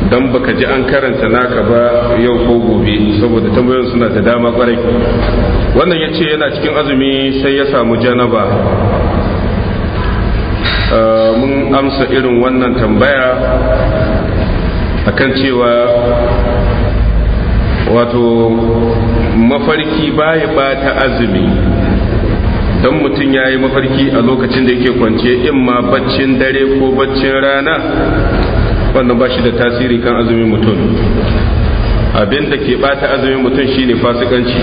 don baka ji an karanta naka ba yau ko gobe saboda tambayoyin suna da dama kwarai wannan ya ce yana cikin azumi sai ya samu janaba Eh, mun amsa irin wannan tambaya akan cewa wato mafarki baya bata azumi don mutum ya yi mafarki a lokacin da yake kwance in ma baccin dare ko baccin rana wannan ba shi da tasiri kan azumin mutum abinda da ke bata azumin mutum shine fasikanci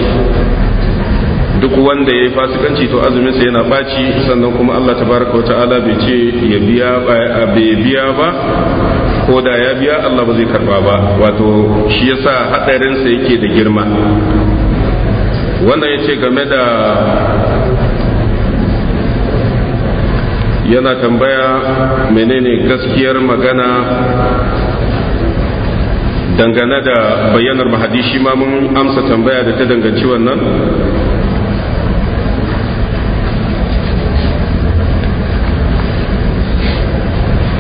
duk wanda ya yi fasikanci to azumin sa yana baci sannan kuma Allah tabaraka wa ta'ala bai ce ya biya bai biya ba ko da ya biya Allah ba zai karba ba wato shi yasa hadarinsa yake da girma wannan ya ce game da yana tambaya menene gaskiyar magana dangane da bayyanar mahadishi ma mun amsa tambaya da ta danganci wannan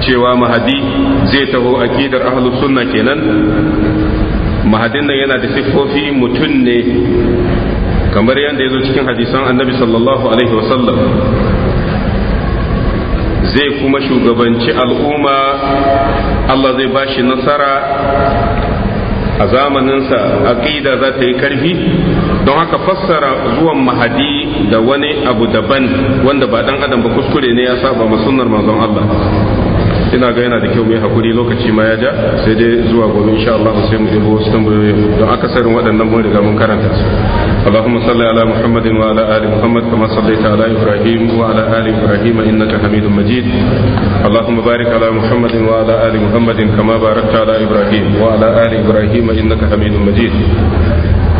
cewa mahadi zai taho aqidar ahlus sunna kenan mahadin nan yana da siffofi mutum ne kamar yadda ya zo cikin hadisan annabi sallallahu alaihi wasallam zai kuma shugabanci al'umma Allah zai ba shi nasara a zamaninsa aƙida za ta yi karfi don haka fassara zuwan mahadi da wani abu daban wanda ba ɗan adam ba kuskure ne ya saba masunnar manzon Allah ina ga yana da kyau mai hakuri lokaci ma ya ja sai dai zuwa gobe insha Allah sai mu dubo wasu tambayoyin don akasarin waɗannan mun riga mun karanta su Allahumma salli ala Muhammadin wa ali Muhammad kama sallaita ala Ibrahim wa ali Ibrahim innaka Hamidum Majid Allahumma barik ala Muhammadin wa ala ali Muhammadin kama barakta ala Ibrahim wa ali Ibrahim